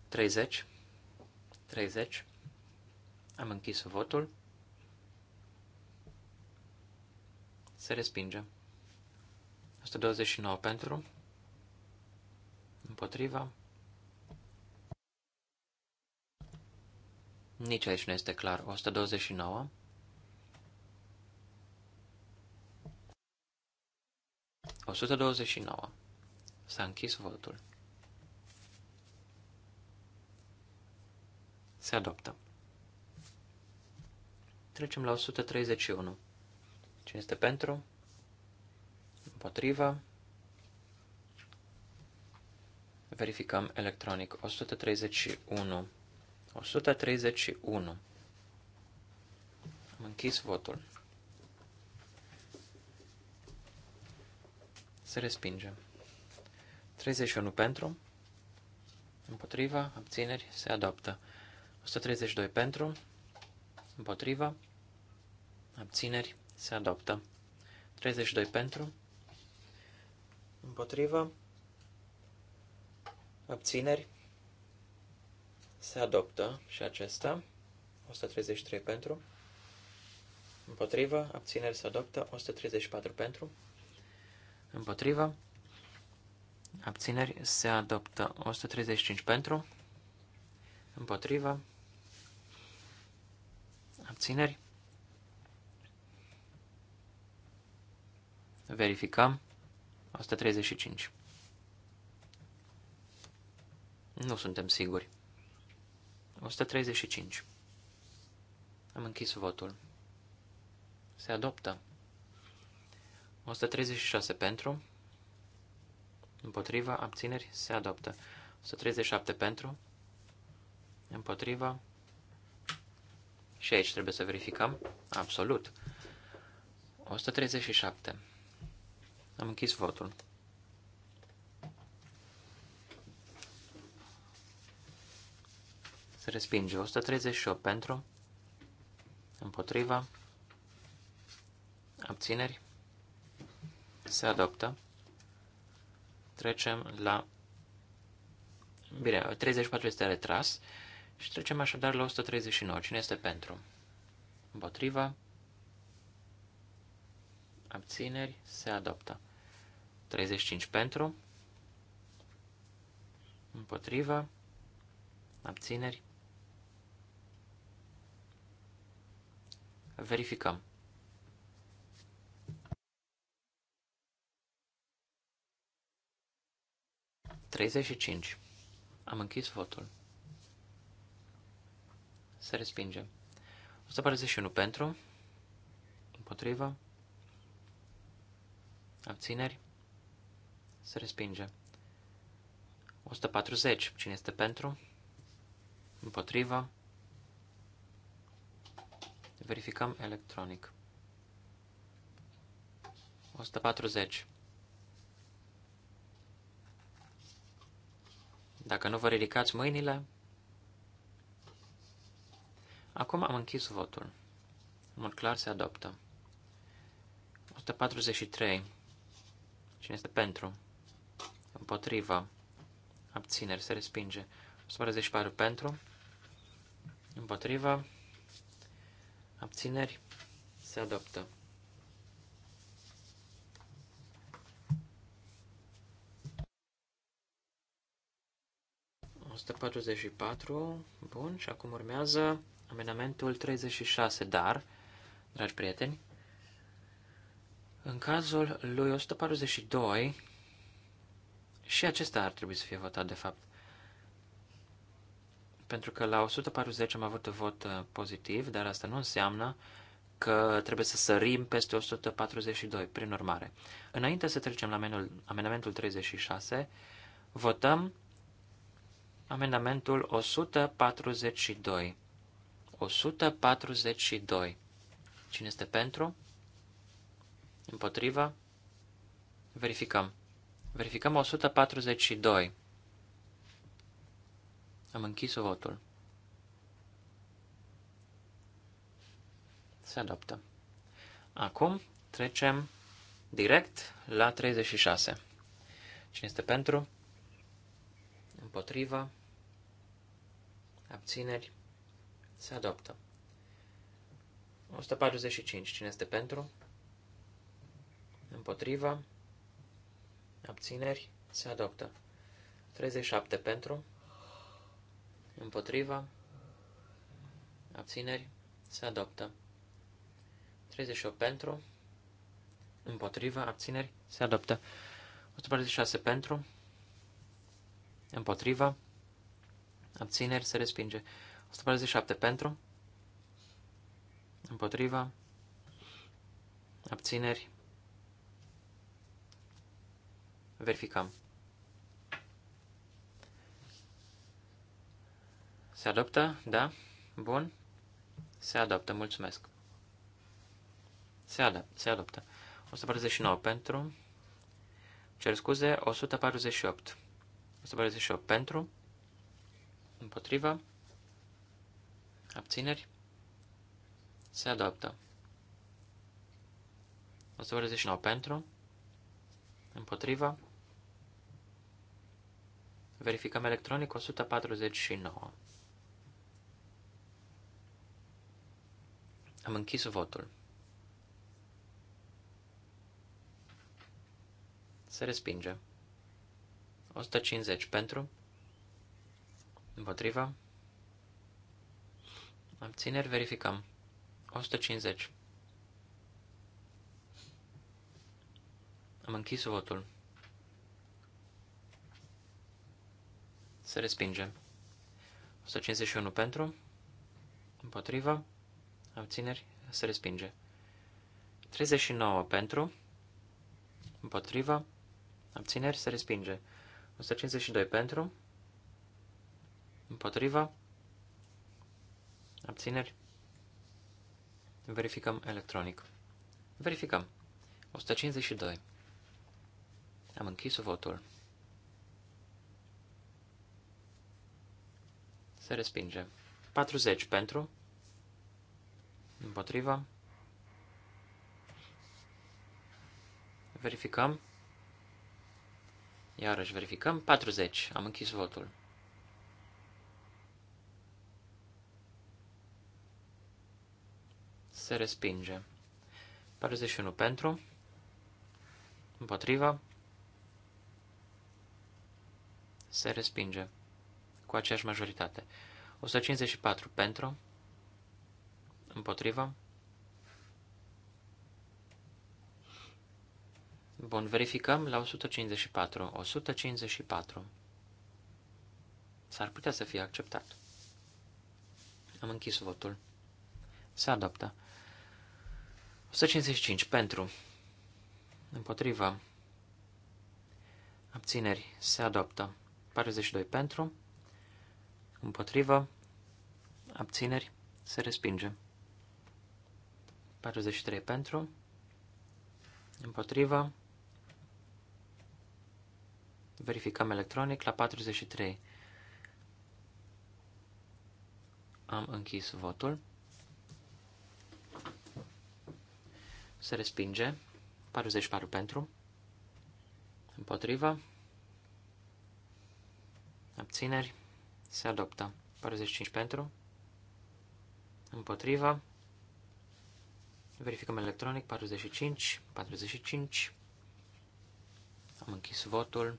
30, 30, am închis votul. Se respinge. 129 pentru. Împotriva. Nici aici nu este clar. 129. nouă. S-a închis votul. Se adoptă. Trecem la 131. Cine este pentru? Împotriva. Verificăm electronic. 131. 131. Am închis votul. Se respinge. 31 pentru. Împotriva. Abțineri. Se adoptă. 132 pentru. Împotriva. Abțineri. Se adoptă. 32 pentru. Împotrivă. Abțineri. Se adoptă și acesta. 133 pentru. Împotrivă. Abțineri se adoptă. 134 pentru. Împotrivă. Abțineri se adoptă. 135 pentru. Împotrivă. Abțineri. Verificăm. 135. Nu suntem siguri. 135. Am închis votul. Se adoptă. 136 pentru. Împotriva, abțineri, se adoptă. 137 pentru. Împotriva. Și aici trebuie să verificăm. Absolut. 137. Am închis votul. Se respinge 138 pentru, împotriva, abțineri, se adoptă. Trecem la... Bine, 34 este retras și trecem așadar la 139. Cine este pentru? Împotriva, abțineri, se adoptă. 35 pentru, împotriva, abțineri. Verificăm. Treizeci Am închis votul. Se respinge. 141 pentru, împotriva, Abțineri? Se respinge. 140. Cine este pentru? Împotriva? Verificăm electronic. 140. Dacă nu vă ridicați mâinile... Acum am închis votul. În mod clar se adoptă. 143. Cine este pentru? Împotriva. Abțineri. Se respinge. 144 pentru. Împotriva. Abțineri. Se adoptă. patru. Bun, și acum urmează amendamentul 36, dar, dragi prieteni, în cazul lui 142, și acesta ar trebui să fie votat, de fapt. Pentru că la 140 am avut vot uh, pozitiv, dar asta nu înseamnă că trebuie să sărim peste 142, prin urmare. Înainte să trecem la menul, amendamentul 36, votăm amendamentul 142. 142. Cine este pentru? Împotriva. Verificăm. Verificăm 142. Am închis votul. Se adoptă. Acum trecem direct la 36. Cine este pentru? Împotriva? Abțineri? Se adoptă. 145. Cine este pentru? Împotriva. Abțineri. Se adoptă. 37 pentru. Împotriva. Abțineri. Se adoptă. 38 pentru. Împotriva. Abțineri. Se adoptă. 146 pentru. Împotriva. Abțineri. Se respinge. 147 pentru. Împotriva. Abțineri. Verificăm. Se adoptă? Da? Bun. Se adoptă, mulțumesc. Se, ad se adoptă. 149 pentru. Cer scuze, 148. 148 pentru. Împotriva. Abțineri. Se adoptă. 149 pentru. Împotriva. Verificăm electronic 149. Am închis votul. Se respinge. 150 pentru. Împotriva. Abțineri, verificăm. 150. Am închis votul. Se respinge. 151 pentru. Împotriva. Abțineri. Se respinge. 39 pentru. Împotriva. Abțineri. Se respinge. 152 pentru. Împotriva. Abțineri. Verificăm electronic. Verificăm. 152. Am închis votul. Se respinge. 40 pentru. Împotriva. Verificăm. Iarăși verificăm. 40. Am închis votul. Se respinge. 41 pentru. Împotriva. Se respinge cu aceeași majoritate. 154 pentru, împotriva. Bun, verificăm la 154. 154. S-ar putea să fie acceptat. Am închis votul. Se adoptă. 155 pentru. Împotriva. Abțineri. Se adoptă. 42 pentru împotrivă, abțineri, se respinge. 43 pentru, împotrivă, verificăm electronic la 43. Am închis votul. Se respinge. 44 pentru. Împotrivă. Abțineri. Se adoptă. 45 pentru. Împotriva. Verificăm electronic. 45. 45. Am închis votul.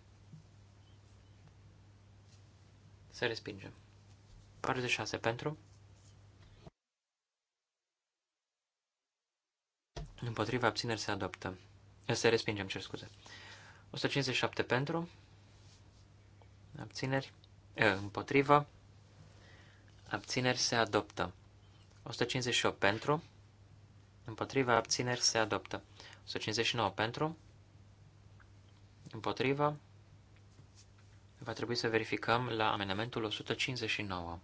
Se respinge. 46 pentru. Împotriva abțineri se adoptă. Eh, se respingem, cer scuze. 157 pentru. Abțineri. Ă, împotrivă, abțineri se adoptă. 158 pentru, împotrivă, abțineri se adoptă. 159 pentru, împotrivă, va trebui să verificăm la amendamentul 159.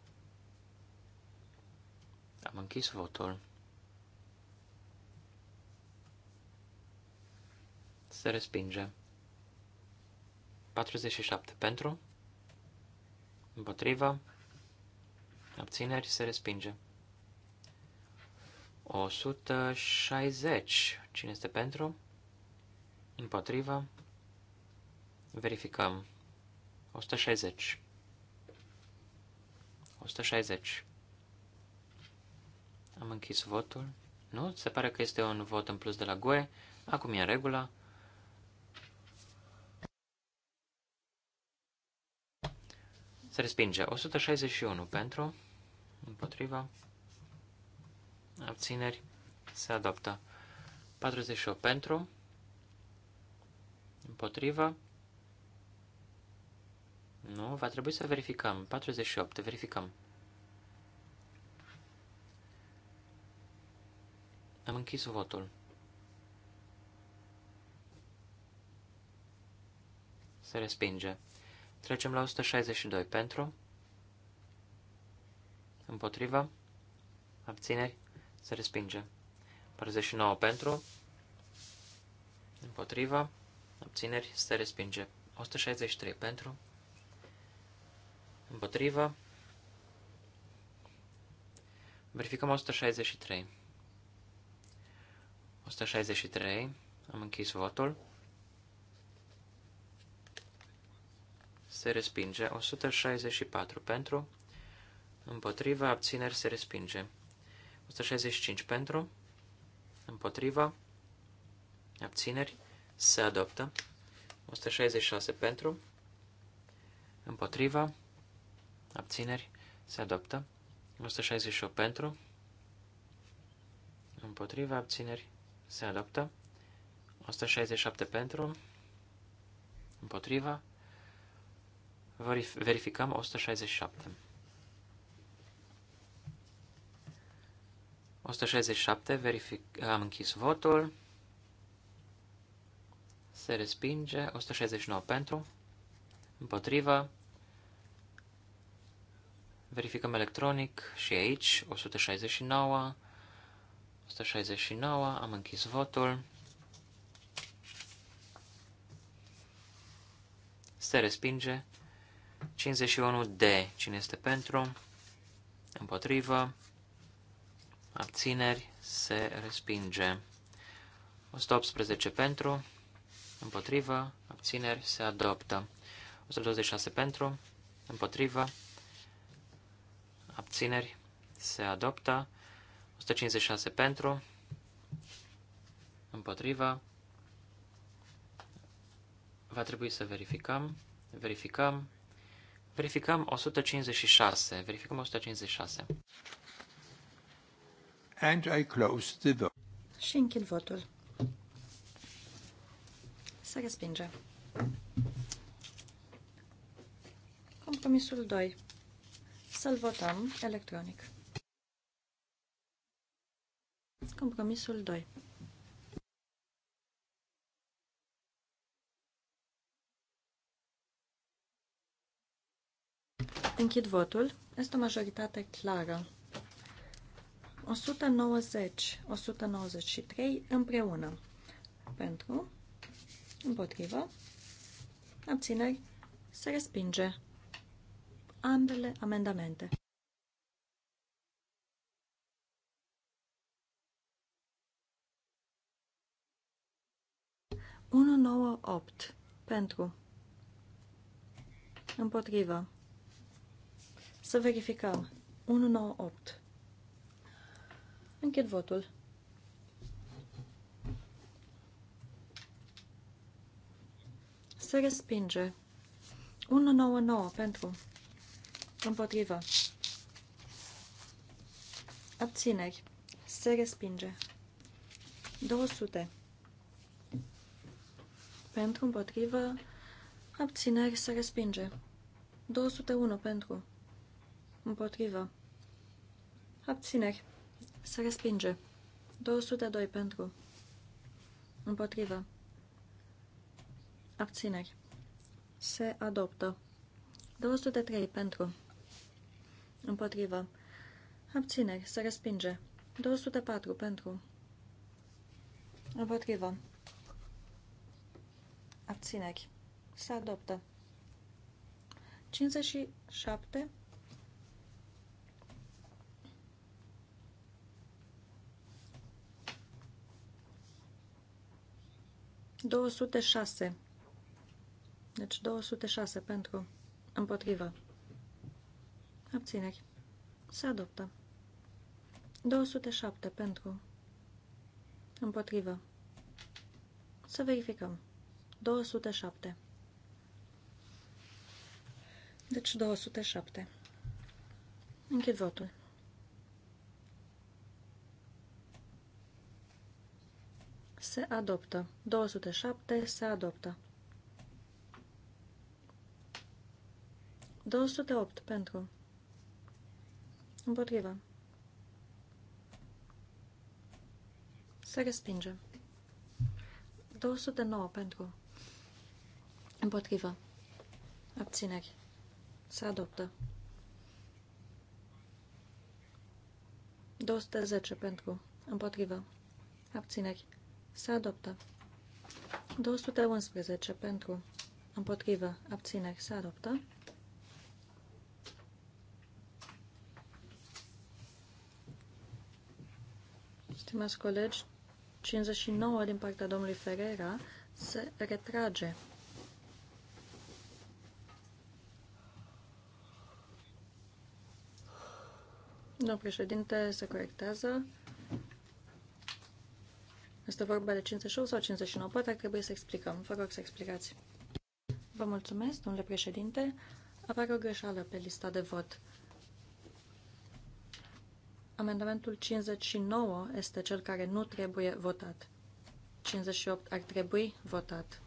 Am închis votul. Se respinge. 47 pentru, împotriva, abțineri, se respinge. 160. Cine este pentru? Împotriva. Verificăm. 160. 160. Am închis votul. Nu? Se pare că este un vot în plus de la GUE. Acum e în regulă. Se respinge. 161 pentru, împotriva, abțineri, se adoptă. 48 pentru, împotriva, nu, va trebui să verificăm. 48, verificăm. Am închis votul. Se respinge. Trecem la 162. Pentru, împotriva, abțineri, se respinge. 49 pentru, împotriva, abțineri, se respinge. 163 pentru, împotriva, verificăm 163. 163, am închis votul. se respinge. 164 pentru, împotriva, abțineri, se respinge. 165 pentru, împotriva, abțineri, se adoptă. 166 pentru, împotriva, abțineri, se adoptă. 168 pentru, împotriva, abțineri, se adoptă. 167 pentru, împotriva, Verificăm 167. 167, verific am închis votul. Se respinge. 169 pentru. Împotrivă. Verificăm electronic și aici. 169. 169, am închis votul. Se respinge. 51D. Cine este pentru? Împotrivă. Abțineri. Se respinge. 118 pentru. Împotrivă. Abțineri. Se adoptă. 126 pentru. Împotrivă. Abțineri. Se adoptă. 156 pentru. Împotrivă. Va trebui să verificăm. Verificăm. Verificăm 156. Verificăm 156. And I close the vote. Și închid votul. Se respinge. Compromisul 2. Să-l votăm electronic. Compromisul 2. Închid votul. Este o majoritate clară. 190, 193 împreună. Pentru, împotrivă, abțineri, se respinge ambele amendamente. Unu, nouă, opt. Pentru. Împotrivă. Să verificăm. 198. Închid votul. Se respinge. 199 pentru. Împotrivă. Abțineri. Se respinge. 200. Pentru, împotrivă, abțineri se respinge. 201 pentru împotrivă, abțineri, se respinge. 202 pentru, împotrivă, abțineri, se adoptă. 203 pentru, împotrivă, abțineri, se respinge. 204 pentru, împotrivă, abțineri, se adoptă. 57 206. Deci 206 pentru împotrivă. Abțineri. Se adoptă. 207 pentru împotrivă. Să verificăm. 207. Deci 207. Închid votul. se adoptă. 207 se adoptă. 208 pentru. Împotriva. Se respinge. 209 pentru. Împotriva. Abțineri. Se adoptă. 210 pentru. Împotrivă. Abțineri. Se adoptă. 211 pentru, împotrivă, abțineri. Se adoptă. 3 colegi, 59 din partea domnului Ferreira se retrage. Domnul președinte se corectează. Este vorba de 58 sau 59? Poate ar trebui să explicăm. Vă rog să explicați. Vă mulțumesc, domnule președinte. Apare o greșeală pe lista de vot. Amendamentul 59 este cel care nu trebuie votat. 58 ar trebui votat,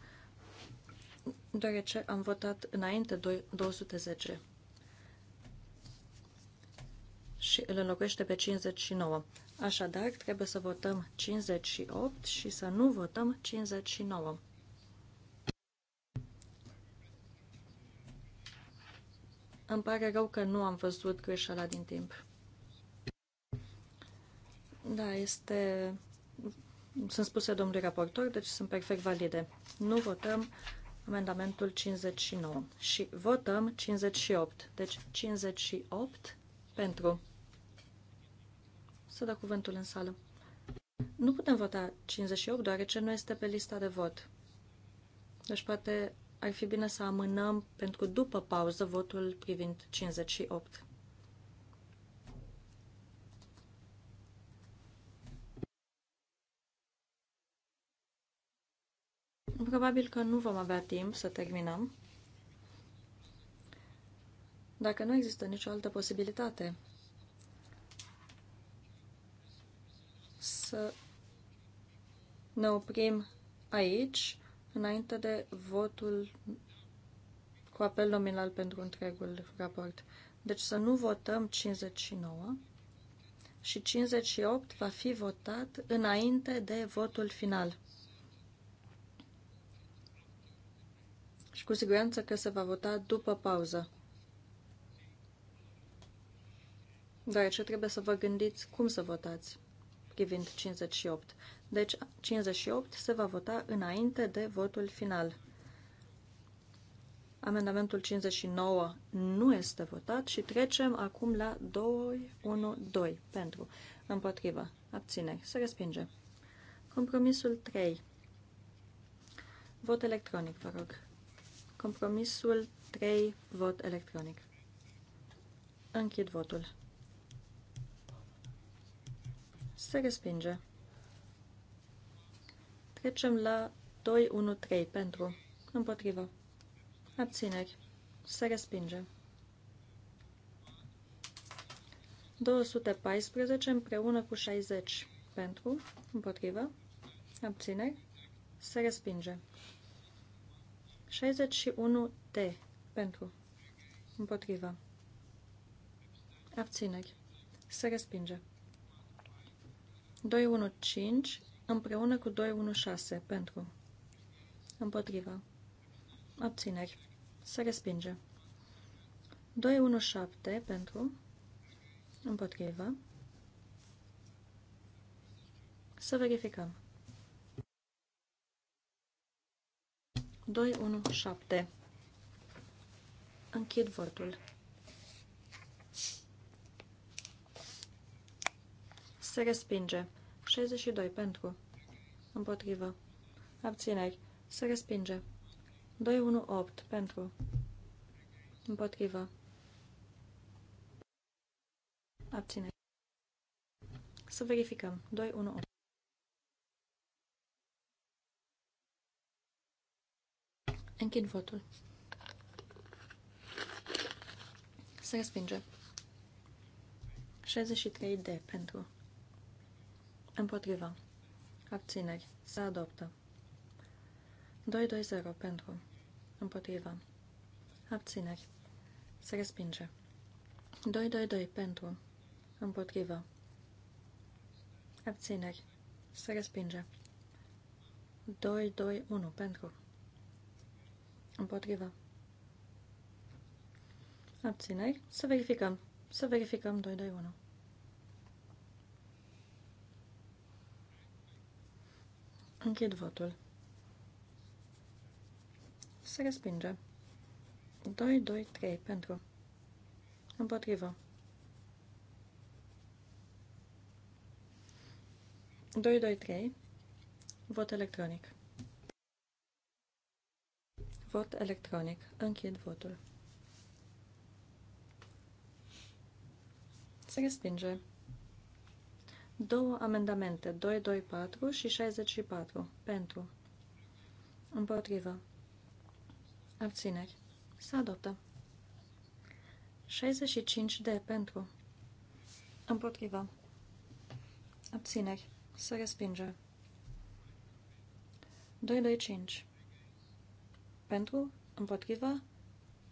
deoarece am votat înainte 210 și îl înlocuiește pe 59. Așadar, trebuie să votăm 58 și să nu votăm 59. Îmi pare rău că nu am văzut greșeala din timp. Da, este... Sunt spuse domnului raportor, deci sunt perfect valide. Nu votăm amendamentul 59 și votăm 58. Deci 58 pentru să dea cuvântul în sală. Nu putem vota 58, deoarece nu este pe lista de vot. Deci poate ar fi bine să amânăm pentru după pauză votul privind 58. Probabil că nu vom avea timp să terminăm. Dacă nu există nicio altă posibilitate să ne oprim aici, înainte de votul cu apel nominal pentru întregul raport. Deci să nu votăm 59 și 58 va fi votat înainte de votul final. Și cu siguranță că se va vota după pauză. Deoarece trebuie să vă gândiți cum să votați privind 58. Deci 58 se va vota înainte de votul final. Amendamentul 59 nu este votat și trecem acum la 212 pentru împotrivă. Abține. Se respinge. Compromisul 3. Vot electronic, vă rog. Compromisul 3, vot electronic. Închid votul. Se respinge. Trecem la 2-1-3 pentru. Împotrivă. Abțineri. Se respinge. 214 împreună cu 60 pentru, împotrivă, abțineri, se respinge. 61 T pentru, împotrivă, abțineri, se respinge. 215 împreună cu 216 pentru. Împotrivă. Abțineri. Se respinge. 217 pentru. Împotrivă. Să verificăm. 217. Închid votul. se respinge. 62 pentru, împotrivă, abțineri, se respinge. 218 pentru, împotrivă, abțineri. Să verificăm. 218. Închid votul. Se respinge. 63 de pentru Împotriva. Abțineri. Se adoptă. 220 pentru. Împotriva. Abțineri. Se respinge. 222 pentru. Împotriva. Abțineri. Se respinge. 221 pentru. Împotriva. Abțineri. Să verificăm. Să verificăm 221. Închid votul. Se respinge. 2, 2, 3 pentru. Împotrivă. 2, 2, 3. Vot electronic. Vot electronic. Închid votul. Se respinge. Două amendamente, 224 și 64, pentru, împotrivă, abțineri, se adoptă. 65 de pentru, împotrivă, abțineri, se respinge. 225 pentru, împotrivă,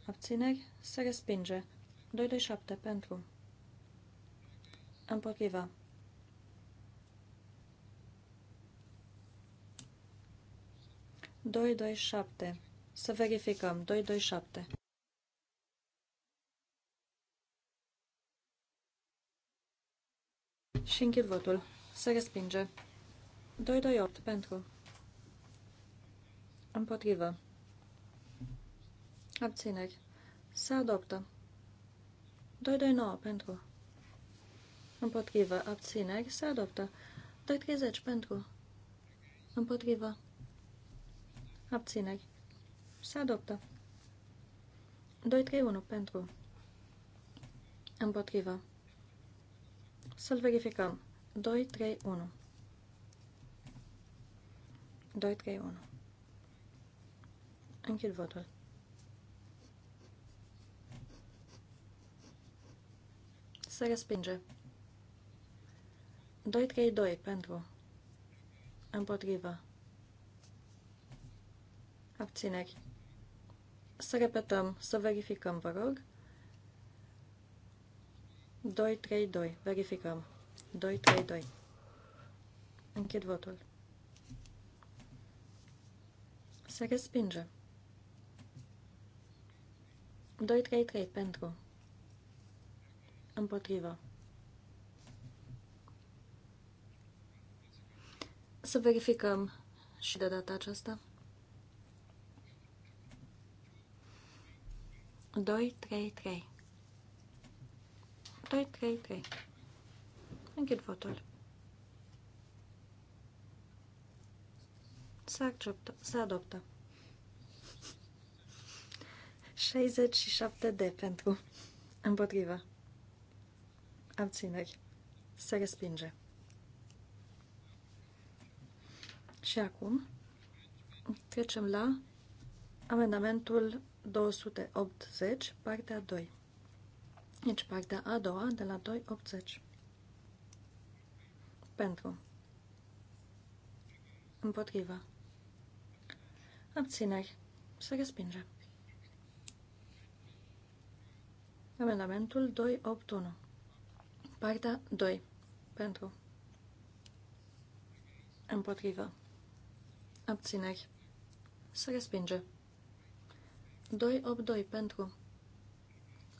abțineri, se respinge. 227 pentru, împotrivă, 227. Să verificăm. 227. Și închid votul. Se respinge. 228 pentru. Împotrivă. Abțineri. Se adoptă. 229 pentru. Împotrivă. Abțineri. Se adoptă. 230 pentru. Împotrivă. Abțineri. Se adoptă. 2-3-1 pentru. Împotrivă. Să-l verificăm. 2-3-1. 2-3-1. Închid votul. Se respinge. 2-3-2 pentru. Împotrivă abțineri. Să repetăm, să verificăm, vă rog. 2, 3, 2. Verificăm. 2, 3, 2. Închid votul. Se respinge. 2, 3, 3. Pentru. Împotrivă. Să verificăm și de data aceasta. 2, 3, 3. 2, 3, 3. Închid votul. Se acceptă, se adoptă. 67 de pentru împotriva. Abțineri. Se respinge. Și acum trecem la amendamentul 280, partea 2. Deci partea a doua de la 280. Pentru. Împotriva. Abțineri. Se respinge. Amendamentul 281. Partea 2. Pentru. Împotriva. Abțineri. Se respinge. 282 pentru.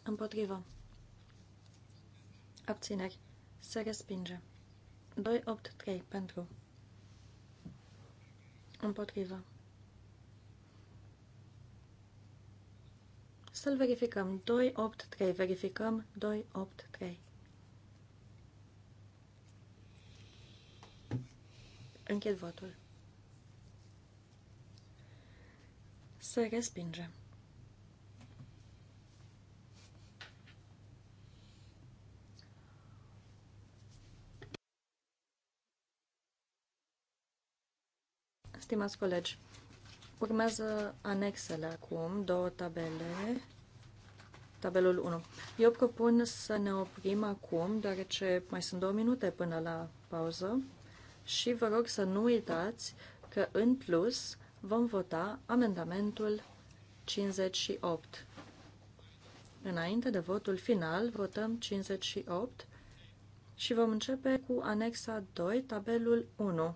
Împotrivă. Abțineri. Se respinge. 283 pentru. Împotrivă. Să-l verificăm. 283. Verificăm 283. Închid votul. Se respinge. Stimați colegi, urmează anexele acum, două tabele, tabelul 1. Eu propun să ne oprim acum, deoarece mai sunt două minute până la pauză și vă rog să nu uitați că în plus vom vota amendamentul 58. Înainte de votul final, votăm 58 și vom începe cu anexa 2, tabelul 1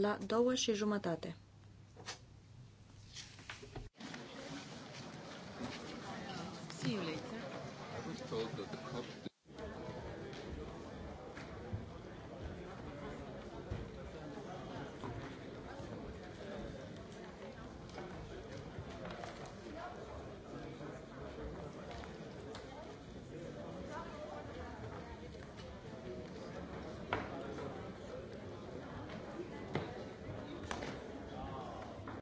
la două și jumătate. See you later.